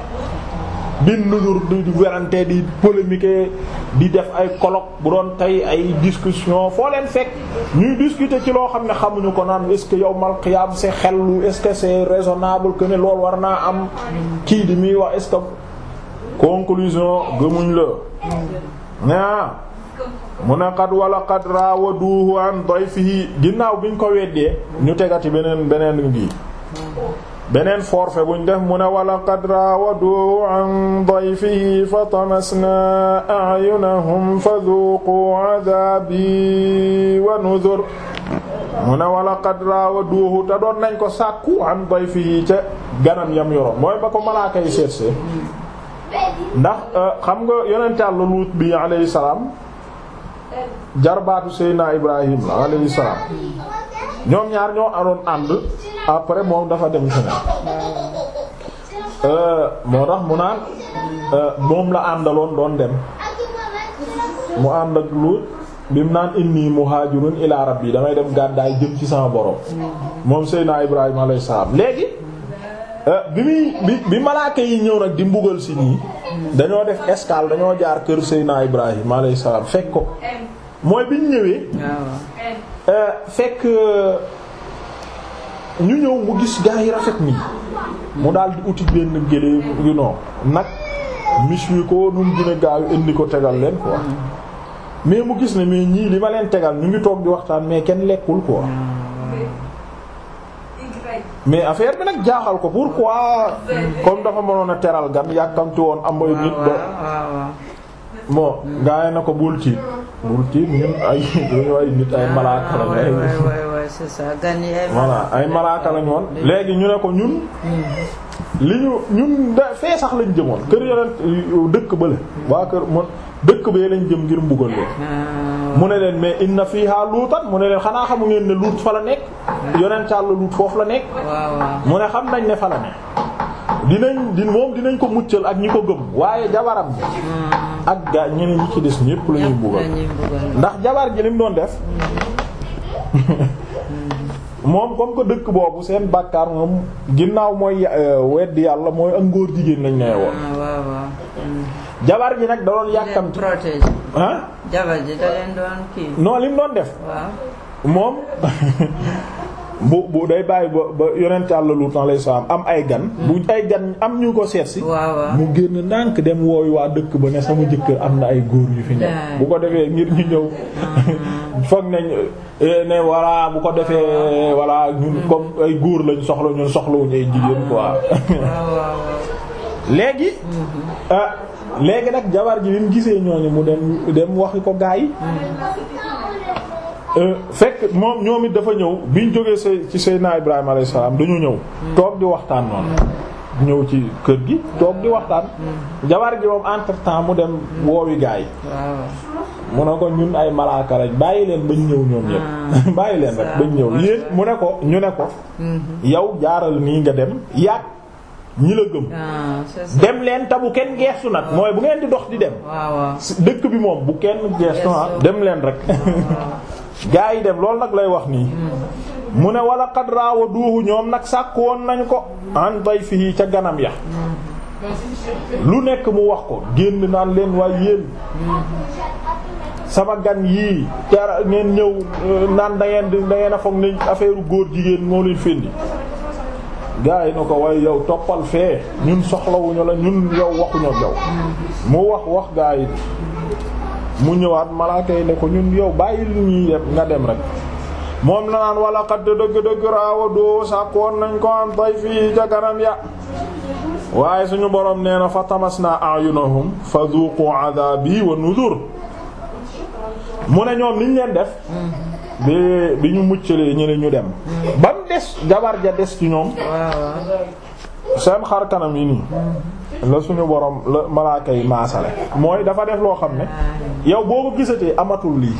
di nuzur di werante di polémique di def ay colloque bu doon tey ay discussion foo leen fekk ñuy discuter ci loo xam ne xamuñu ko naan est-ce que yawmal qiyaam c'est xellu est-ce que c'est raisonnable que ne loolu war naa am kii di muy wax est-ce conclusion gëmuñ la naa mu ne qad wala qad raawaduhu an dayfihi ginnaaw biñ ko weddee ñu tegati beneen beneen gi beneen forfait buñ def mu ne wala qad raawaduhu an dayfihi fa tamasna a'yunahum fa dhuqu adhabi wa nudhur mu ne wala qad raawaduhu te doon nañ ko sàkku an dayfihi ca ganam yam yoroon mooy ba ko malaaka yi seetse ndax euh, xam nga yonent Yàlla Luut bi alayhi salaam jarbaatu Seydina Ibrahim la alayhi salaam ñoom ñaar ñoo aroon ànd après moom dafa dem feneen euh, mu naan euh, moom la àndaloon doon dem mu ànd ak Luut bi mu naan inni muhaajirun ilaa rabbi damay dem gàddaay jëm ci sama borom moom Seydina Ibrahim alayhi salaam léegi Euh, bi muy bi bi malaaka yi ñëw nag di mbugal si ñii dañoo def escale dañoo jaar kër Seydina Ibrahim alayhi salaam fekk ko mooy biñ ñu ñëwee euh, fekk euh, ñu ñëw mu gis gaa yi rafet nii mu daal di uti benn géléem yu noo nag miss wi ko nu mu gën a indi ko tegal leen quoi mm-hmm. mais mu gis ne mais ñii li ma leen tegal ñu ngi toog di waxtaan mais kenn lekkul quoi mais affaire bi nag jaaxal ko pourquoi comme dafa mënoon a teral gan yàkkamti woon am nit ba bon gaay na ko bul tiit bul tiit ay duñu nit ay malaaka lañ voilà ay malaaka lañ woon léegi ñu ne ko ñun mm. li ñu ñun da fee sax lañ jëmoon kër yonent dëkk ba la waa kër man dëkk bee lañ jëm ngir mbugal leen ah. mu ne leen mais inna fiha luutan mu ne leen xanaa xamu ngeen ne luut fa la nekk yonent Yàlla luut foofu la nekk mu ne xam nañ ne fa la ne dinañ din moom dinañ ko muccal ak ñi ko gëm waaye jabaram bi hmm. ak gaa ñeneen ñi ci des ñépp la mbugal ndax jabar ji lim doon def hmm. moom comme ko dëkk boobu seen bàkkaar moom ginnaaw mooy euh, weddi yàlla mooy ak ngóor jigéen lañ nee woon. Ah, mm. jabar ji nag da doon yàkkamti ah. jabar li mu doon def. moom bu bu day bàyyi ba ba yonent Yàlla lu alayhi salaam am ay gan. Hmm. bu ay gan am ñu ko seet si. mu génn ndànk dem wooyu waa dëkk ba ne sama jëkkër am na ay góor yu fi nekk. Hmm. bu ko defee ngir ñu ñëw hmm. nañ eh, ne voilà bu ko defee voilà ñun comme ay góor lañu soxla ñun soxlawuñ ay jigéen quoi. léegi. Ah, léegi nag jabar ji bi mu gisee ñooñu mu dem dem waxi ko gaa yi. Euh, fekk moom ñoom it dafa ñëw biñ jógee say ci Seydina Ibrahima alayhi salaam dañu ñëw toog di waxtaan noonu ñëw ci kër gi toog di waxtaan jabar gi moom entre temps mu dem woowi gaa yi mu ne ko ñun ay malaaka bàyyi leen bañ ñëw ñoom ah. bàyyi leen rek bañ ñëw yéen mu ne ko ñu ne ko mhm. yow jaaral nii nga dem yàgg ñi la gëm ah, dem leen ta kenn geesu nag ah. mooy bu ngeen di dox di dem dëkk bi moom bu kenn geestu ah dem leen rek gaa yi dem loolu nag lay wax nii mu ne wala qad raawa ñoom nag sàkk woon nañ ko an dayfihi ca ganam ya lu nekk mu wax ko génn naan leen waay yéen sama gan yii ca ngeen ñëw euh, naan da ngeen a foog ne affaire góor jigéen moo leen fendi gaa yi na ko waaye yow toppal fee ñun soxlawuñu la ñun yow waxuñoo yow mu wax wax gaa yi mu ñëwaat malaaka yi ne ko ñun yow bàyyi li ñuy yeb nga dem rek moom na naan wala xadd dëgg-dëgg raawa doo sàkkoon nañ ko am fii ca kanam ya waaye suñu borom nee na fa tamas naa ayunahum fa duuqu adaabi wa nuzur mu ne ñoom niñ leen def bi bi ñu muccalee ñële ñu dem mm. ba mu des jabar ja des ci ñoom seen xar kanam yi nii mm. la suñu borom la malaaka yi maasale mooy dafa def loo xam ne yow boo ko gisatee amatul lii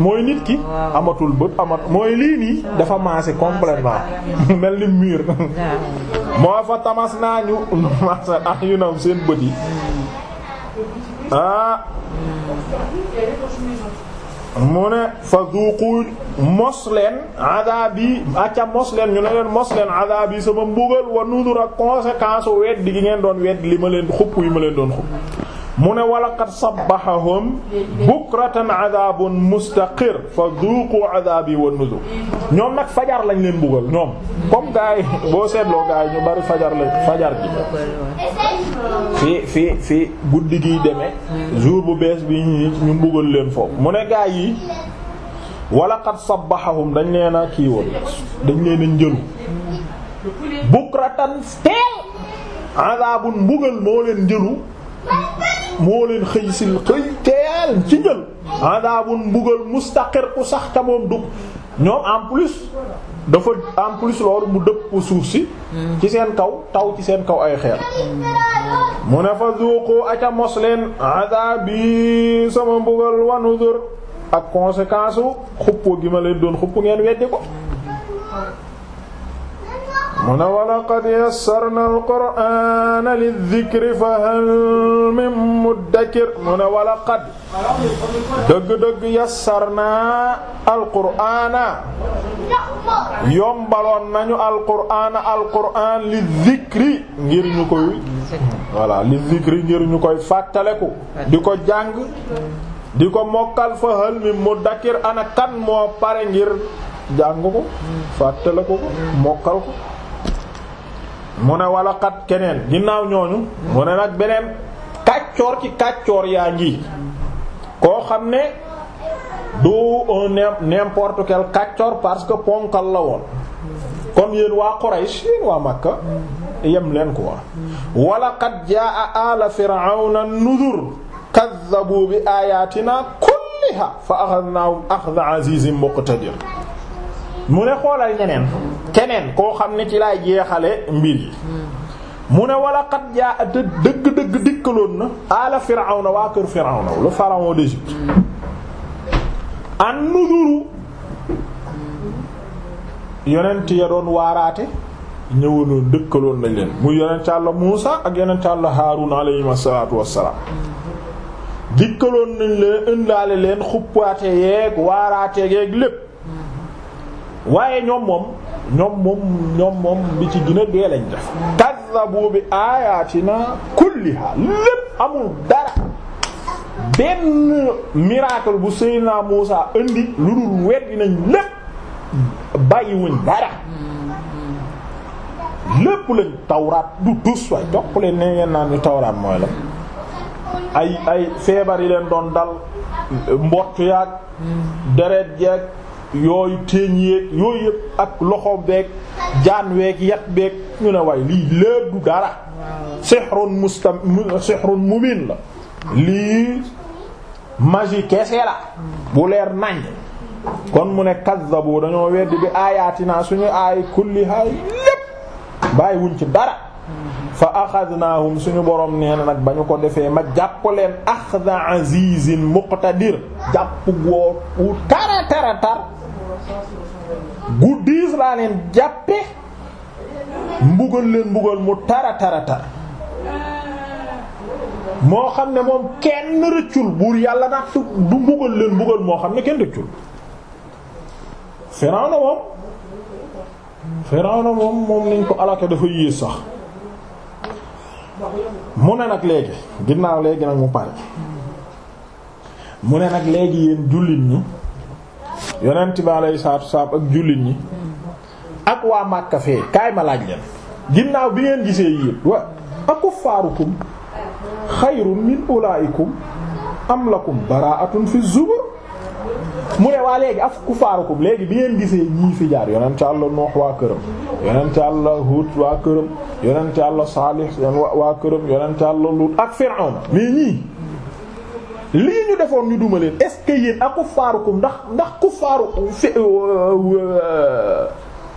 mooy nit ki amatul bët amat mooy lii nii dafa maase complètement mel ni miir moo fa tamas naa ñu maase ak yu nam seen bët yi hmm. Ah. Hmm. mu ne fa duuqu mos leen adaabi acca mos leen ñu ne leen mos leen adaabi sama mbugal wa nudur ak conséquence weddi gi ngeen doon weddi li ma leen xupp yi ma leen doon xupp mu ne walaqad sabbahahum bukratan adabun mustaqir fa duuqu adabi wa nuzur ñoom nag fajar lañ leen buggal ñoom comme gaay boo seetloo gaay ñu bari fajar la fajar gi fii fii fii guddi giy demee jour bu bees bi ñu buggal leen foofu mu ne gaay yi walaqad sabbahahum dañ leen a kii woon dañ leen a njëlu bukratan teel adabun mbugal moo leen njëlu moo leen xëy si xëy teel ci njël adabun mbugal mustaqir ku sax ta moom dug ñoom en plus dafa en plus loolu mu dëpp suuf si ci seen kaw taw ci seen kaw ay xeer mu ne fa zuuqu aca mos leen adabi sama mbugal wanuzur ak conséquence u xuppo gi ma leen doon xupp ngeen weddi ko mu ne walaqad yassarna alqur'ana lidikri fa hal min muddakir mu ne walaqad dëgg-dëgg yassarna alqur'ana yombaloon nañu alqur'ana alqur'an lidikri ngir ñu koy voilà lidikri ngir ñu koy fàttaleku di ko jàng di ko mokkal fa hal min muddakir ana kan moo pare ngir jàng ko fàttaleku ko mokkal ko mu ne wala kat keneen ginnaaw ñooñu mu ne nag beneen kàccoor ci kàccoor yaa ngi koo xam ne du un n'importe kàccoor parce que ponkal la woon kon yéen waa Quraysh yéen waa Makka yem leen ko wala qad jaa ala fir'auna nuzur kadhabu bi ayatina kulliha fa akhadnahum akhdha azizin muqtadir mu ne xoolal ñeneen keneen koo xam ne ci laay jeexale mbir yi mu ne wala xat jaa dëgg-dëgg dikkaloon na ala firawna waa kër firawna le pharaon d'Égypte an nuduru yonent ya doon waaraate ñëwaloon dëkkaloon nañ leen muy yonent Yàlla Muusa ak yonent Yàlla Haarun alayhim salaatu wassalaam dikkaloon nañ leen indaale leen xuppaate yeeg waaraate yeeg lépp waaye ñoom moom ñoom moom ñoom moom bi ci gën a dee lañ def kazzabu bi ayatina kulliha lépp amul dara benn miracle bu Seydina Muusa indi lu dul weddi nañ lépp bàyyiwuñ dara lépp lañ tawraat du tus waay jox leen ne ngeen naan ñu tawraat mooy la ay ay feebar yi leen doon dal mbott yaag hmm. deret jeeg yooyu téeñ yéeg yooyu yëpp ak loxo beeg jaan weeg yat beeg ñu ne way lii lépp du dara sihrun mustam sihrun mubin la lii magie kese la bu leer nañ kon mu ne kazzabu dañoo weddi bi aayaatinaa suñu aay kulli haay lépp bàyyi wuñ ci dara fa axadnaahum suñu borom nee na nag ba ñu ko defee ma jàpp leen axda azizin muqtadir jàpp goo wu tara tara tar gu diis laa leen jàppe mbugal leen mbugal mu tara tara moo xam ne moom kenn rëccul buur yàlla nag du mbugal leen mbugal moo xam ne kenn rëccul Firawna moom Firawna moom moom nañ ko alaka dafa yées sax mu ne nag léegi ginnaaw léegi nag mu pare mu ne nag léegi yéen jullit ñi yonent bi alayhi salaatu wassalaam ak jullit ñi ak waa Makka fee kaay ma laaj leen ginnaaw bi ngeen gisee yii wa akuffaarukum xayrun min ulaa'ikum am lakum fi zubur mu ne waa léegi af kuffaarukum léegi bi ngeen gisee ñii fi jaar yonent Yàlla Nuux waa këram yonent Yàlla Huud waa këram yonent Yàlla Saalih waa këram yonent Yàlla Luut ak Firawna mais ñii lii ñu defoon ñu duma leen est-ce que yéen ak kuffaarukum ndax ndax kuffaaru euh, euh,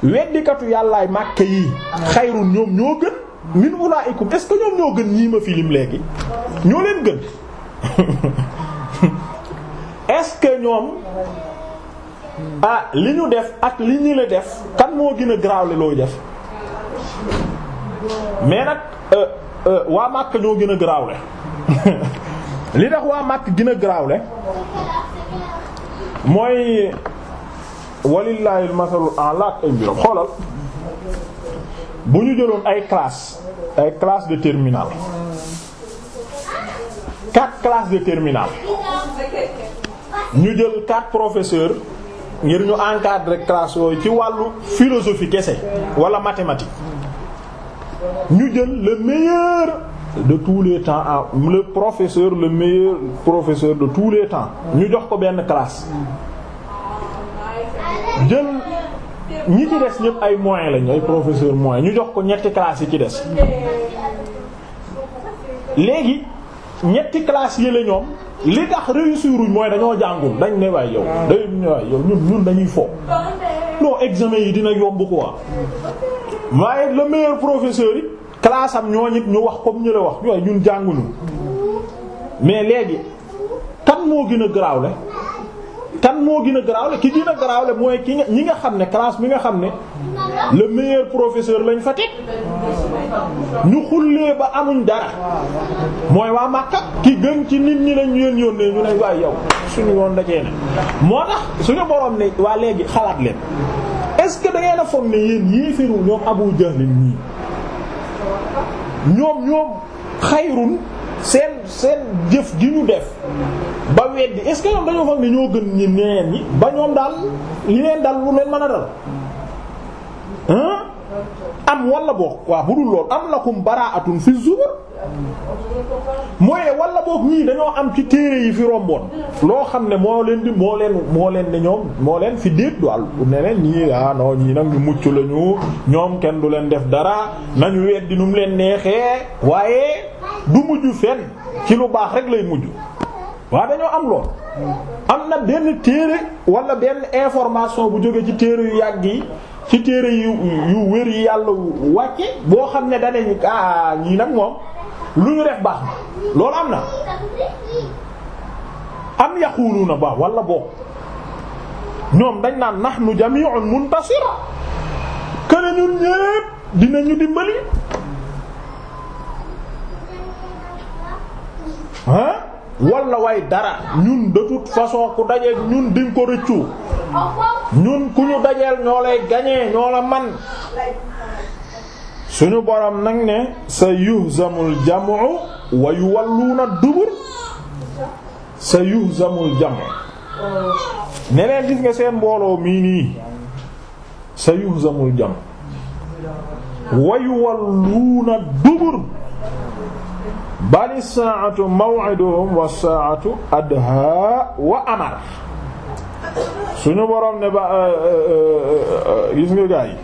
weddikatu yàllaay màkke yi xayrun ñoom ñoo gën min ulaikum est-ce que ñoom ñoo gën ñii ma filim léegi ñoo leen gën est ñoom ah li ñu def ak li ñu la def kan moo gën a garaawle looy def mais nag euh, waa màkk ñoo gën a garaawle li tax waa Makka gën a garaawle mooy walillahi al en a'la ak ay xoolal bu ñu jëloon ay classe ay classe de terminale quatre classes de terminale ñu jël quatre professeur ngir ñu encadrer classe yooyu ci wàllu philosophie kese wala mathématique ñu jël le meilleur de tous les temps à le professeur le meilleur professeur de tous les temps ñu jox ko benn classe jël ñi ci des ñëpp ay moyens lañu ay professeur moyen ñu jox ko ñetti classes yi ci des léegi ñetti classes yi ñoom li tax réussiruñ mooy dañoo jàngul dañ ne waay yow day ne ñun ñun dañuy fo non examen yi dina yomb quoi waaye le meilleur professeur yi classe ñoo ñooñu ñu wax ko ñu la wax yooyu ñun jànguñu mais léegi kan moo gën a garaawle kan moo gën a garaawle ki gën a garaawle mooy ki nga ñi nga xam ne classe mi nga xam ne le meilleur professeur lañ fa teg ñu xullee ba amuñ dara mooy waa Makka ki gën ci nit ñi lañ leen yónnee ñu ne waaye yow suñu yoon dajee ne moo tax suñu borom ne waa léegi xalaat leen est-ce que da ngeen a foog ne yéen yéefiru ñoom Abu Jahl ñii. ñoom ñoom xayrun seen seen jëf gi ñu def ba weddi est ce que ñoom dañoo foog ne ñoo gën ñi neen ñi ba ñoom daal li leen dal lu leen mën a dal am wala boog waaw bu dul lool am lakum bara'atun fi zubur mooy wala ñii dañoo am ci téere yi fi romboon loo xam ne moo leen di moo leen moo leen ne ñoom moo leen fi déet du àll ne leen ñii ah non ñii nag ñu mucc lañu ñoom kenn du leen def dara nañu weddi nu leen neexee waaye du mujj fenn ci lu baax rek lay mujj waaw dañoo am lool am na benn téere walla benn information bu jóge ci téere yu yàgg yi ci téere yu wér yi yàlla wàcce boo xam ne danañu ah ñii nag moom lu ñu def baax na am na am yaqulu wala boobu ñoom dañ naan nahnu jami'un muntasir kene ñun ñépp dinañu dimbali ah walla way dara ñun de toute ku dajeeg ñun diñ ko rëccu ñun ku ñu dajeel ñoo lay gañee ñoo la man suñu borom nag ne sa yuhzamul jam'u wa yuwalluuna dubur sa yuhzamul jam'u ne leen gis nga seen mbooloo mii nii sa yuhzamul jam'u wa yuwalluuna dubur bali saatu maw'iduhum wa saatu adha wa amar suñu boroom ne ba eh, eh, eh, gis nga gaa yi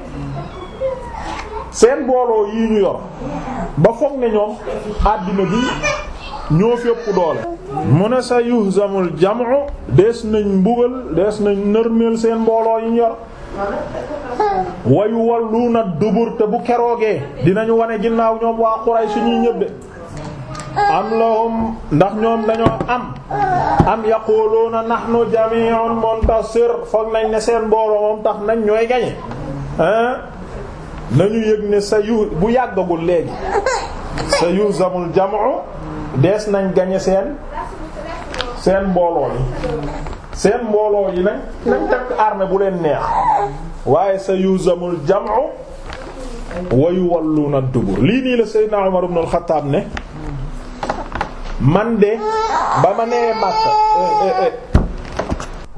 seen booloo yii ñu yor ba foog ne ñoom àddina bi ñoo fépp doole mu ne sa yuhzamul jam'u dees nañ mbugal dees nañ nërmeel seen mbooloo yi ñu yor wayu walluuna dubur te bu keroogee dinañu wane ginnaaw ñoom waa Quraysh suñuy ñëbbe am lahum ndax ñoom dañoo am am yaquluuna nahnu jami'un muntasir foog nañ ne seen mbooloo moom tax nañ ñooy gañe hein nañu yëg ne sa yu bu yàggagul léegi sa yu samul jam'u dees nañ gañe seen seen mbooloo yi seen mbooloo yi nañ nañ takk arme bu leen neex waaye sa yu zamul jam'u wa yuwalluna dubur lii nii la Seydina Umar ibn al-Khattab ne man de ba ma nee Makka eh, eh, eh.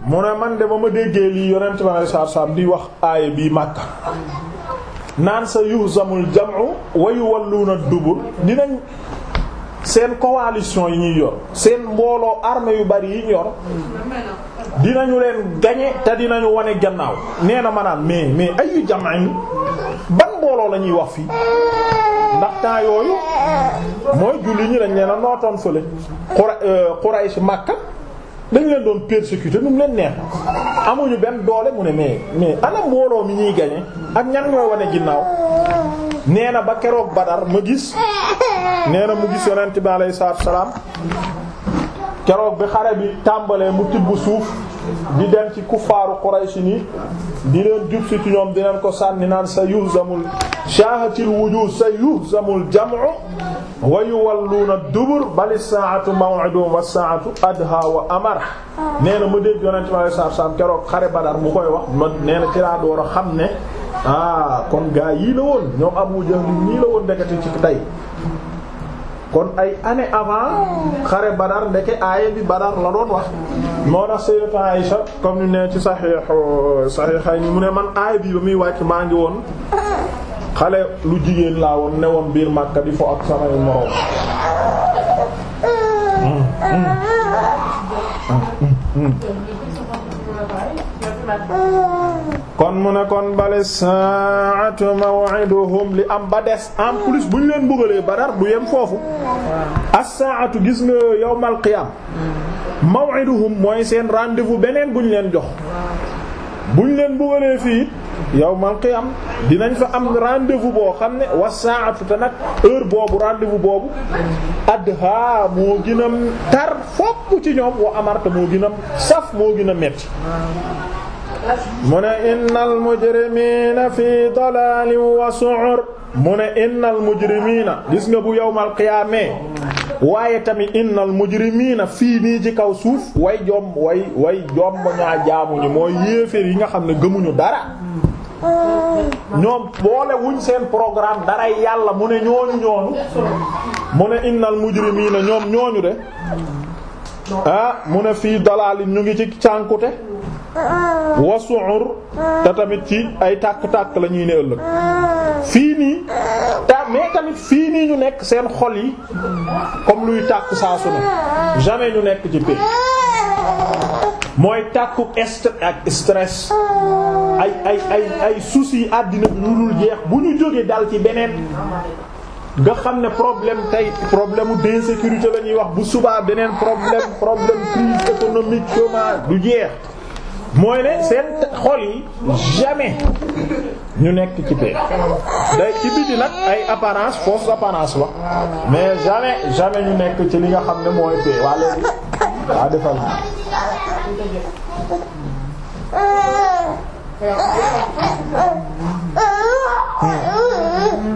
mu ne man de ba ma déggee lii yonent ba na saab di wax aaya bii Makka naan sa yuhzamul jam'u wa yuwalluuna dubur dinañ seen coalition yi ñuy yor seen mbooloo armée yu bari yi ñu yor dinañu leen gañe te dinañu wane gannaaw nee na maanaam mais mais ayu jamain ban mbooloo la ñuy wax fii ndax temps yooyu mooy julli ñi dañ leen a nootoon fële euh, Quraysh Makka dañ leen doon persécuté nu mu leen neex amuñu benn doole mu ne mais mais ana mbooloo mi ñuy gañe ak ñan ñooy wane ginnaaw nee na ba keroog Badar ma gis nee na mu gis yonent bi alayhi salaatu wa salaam keroog bi xare bi tàmbalee mu tibb suuf di dem ci kuffaaru Quraysh ni di leen jub ñoom di leen ko sànni naan sa yuhzamul shaahatil wujuh sa yuhzamul jam'u wa yuwalluuna dubur bali saa'atu maw'iduhum was saa'atu adhaa wa amar nee na ma dégg yonente ma saab saab keroog xare Badar mu koy wax ma nee na ci xam ne ah kon gaa yii la woon ñoom Abu Jahl nii la woon ndekete ci tey kon ay année avant xare Badar ndeke aaya bi Badar la doon wax moo tax Sayyidatu Aïsha comme ñu ne ci sahih sahihayn mu ne man aaya bi ba muy wàcc maa ngi woon xale lu jigéen laa woon ne woon biir Makka di fo ak samay moroom hmm, hmm, hmm, kon mu ne kon bale saatu maw'iduhum li am ba des en plus bu ñu leen bëggalee badar du yem foofu as-saatu gis nga yawmal qiyam maw'iduhum mooy seen rendez-vous beneen bu ñu leen jox bu ñu leen bëggalee fii yawmal qiyam dinañ fa am rendez-vous boo xam ne was-saatu te nag heure boobu rendez-vous boobu adha moo gën a tar fopp ci ñoom wa amarta moo gën a saf moo gën metti mu ne innal mujrimiina fii dalaalin wa su'ur mu ne innal mujrimiina gis nga bu yawmal qiyaamee waaye tamit innal mujrimiina fii nii ci kaw suuf way jom way way jom ba ñaa mooy yéeféer yi nga xam ne gëmuñu dara ñoom boole wuñ seen programme dara yàlla mu ne ñooñu ñooñu mu ne innal mujrimiina ñoom ñooñu de ah, mu ne fii dalaalin ñu ngi ci cànkute wa su'ur te tamit ci ay tàkk-tàkk la ñuy ne ëllëg fii nii ta mais tamit fii nii ñu nekk seen xol yi comme luy tàkk saa su jamais ñu nekk ci paix mooy tàkku est ak stress ay ay ay ay soucis àddina bi lu dul jeex bu ñu jógee dal ci beneen nga xam ne problème tey problème mu d'insécurité la ñuy wax bu subaa beneen problème problème crise économique chômage du jeex. mooy ne seen xol yi jamais ñu nekk ci paix day ci biti nag ay apparence fausse apparence la mais jamais ñu nekk ci li nga xam ne mooy paix waa léegi waa defal na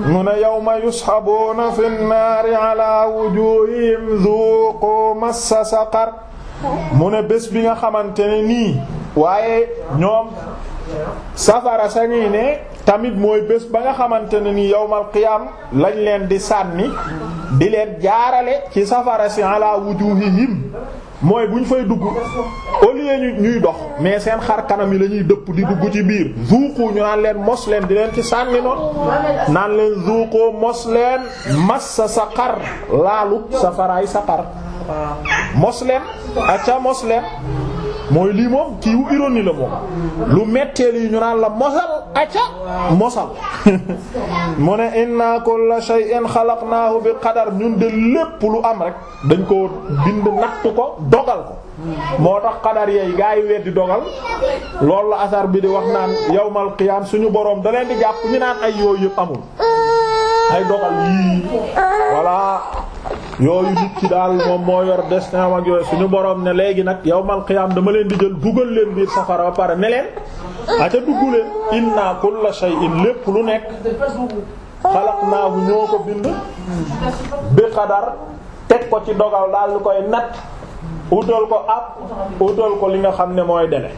mu ne yawma yushabuuna fi nnaari ala wujuhihim dhuqu massa saqar mu ne bés bi nga xamante ne nii waaye ñoom safara sañuy ne tamit mooy bés ba nga xamante ne ni yawmal qiyaam lañ leen di sànni di leen jaarale ci safara si ala wujuhihim mooy bu ñu fay dugg au lieu ñuy dox mais seen xar kanam yi lañuy dëpp di dugg ci biir zuuqu ñu naan leen mos di leen ci sànni noonu naan leen zuuqoo mos leen massa saqar laalu safaraay saqar mos leen acca mos leen mooy lii moom kii wu ironie la moom lu mettee lii ñu naan la mosal acca mosal mu ne inna kulla shay'in xalaqnaahu bi qadar ñun de lépp lu am rek dañ ko bind nattu ko dogal ko moo tax qadar yeey gaa yi weddi dogal lool la asar bi di wax naan yawmal qiyaam suñu boroom da leen di jàpp ñu naan ay yooyu yëpp amul ay dogal yii voilà yooyu nit ci daal moom moo yor destin am ak yooyu suñu borom ne léegi nag yawmal qiyaam dama leen di jël dugal leen biir safara pare ne leen aca dugg leen inna kulla shay'in lépp lu nekk xalaqnaahu ñoo ko bind bi qadar teg ko ci dogal daal lu koy nat utal ko ab utal ko li nga xam ne mooy dele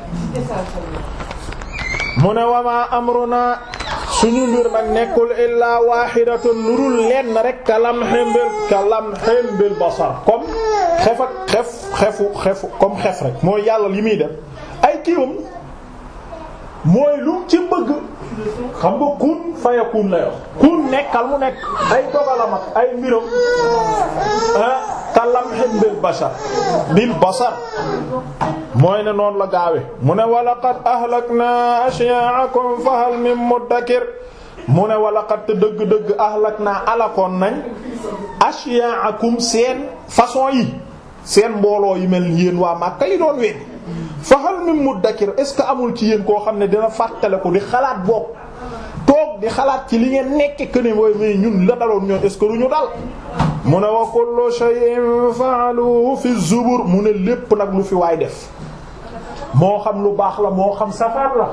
mu ne wamaa amruna suñu mbir man nekkul illaa waaxidatun lu leen lenn rek kalam xembel kalam xembel basar comme xef ak xef xefu xefu comme xef rek mooy yàlla li muy def mooy lu ci bëgg xam nga kun fayakun la yox kun nekkal mu nekk ay dogalam ak ay mbiram ah, kalamhin bil basar mooy ne noon la gaawe mu ne wa laqad ahlakna ashya'akum fa hal min muddakir mu ne walaxat te dëgg-dëgg ahlak naa alakoon nañ ashya'akum seen façon yi seen mbooloo yi mel yéen waa Makka yi doon weddi fa hal mu muddakir est ce que amul ci yéen koo xam ne dina fàttaliku di xalaat book toog di xalaat ci li ngeen nekk que ne mooy mais ñun la daloon ñoom est ce lu ñu dal. mu ne wa kullu shay'in fa'aluhu fi zubur mu ne lépp nag lu fi waay def moo xam lu baax la moo xam safar la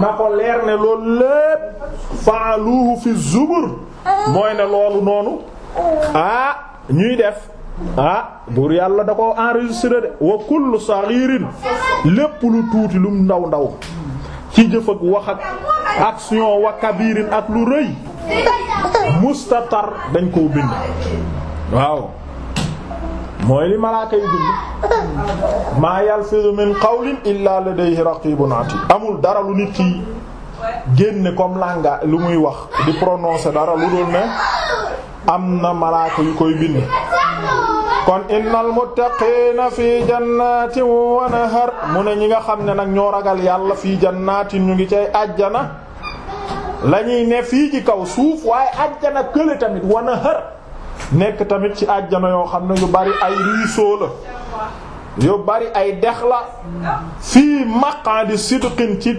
na ko leer ne loolu lépp fa'aluhu fi zubur mooy ne loolu noonu ah ñuy def. ah buur yàlla da ko enregistré de wa kullu saghirin lépp lu tuuti lum ndaw ndaw ci jëf ak wax ak action wa kabirin ak lu rëy mustatar dañ koo bind waaw mooy li malaaka yi bind maa yalfizu min qawlin illa ladayhi raqibun atid amul dara lu nit ki génne comme langa lu muy wax di prononcer dara lu dul ne am na malaaka yu koy bind kon innal muttaqiina fii jannatin wa nahar mu ne ñi nga xam ne nag ñoo ragal yàlla fii jannatin ñu ngi cay ajjana lañuy ne fii ci kaw suuf waaye ajjana kële tamit wa nahar nekk tamit ci ajjana yoo xam ne yu bari ay ruisseau la yu bari ay dex la fii maqaadi sidqin ci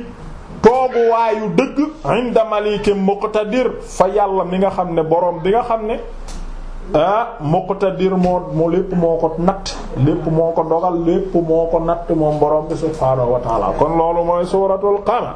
toogu waayu dëgg inda malikin muqtadir fa yàlla mi nga xam ne boroom bi nga xam ne ah muqtadir moo moo lépp moo ko natt lépp moo ko dogal lépp moo ko natt moom boroom bi subhaanahu wa taala kon loolu mooy suuratul qamar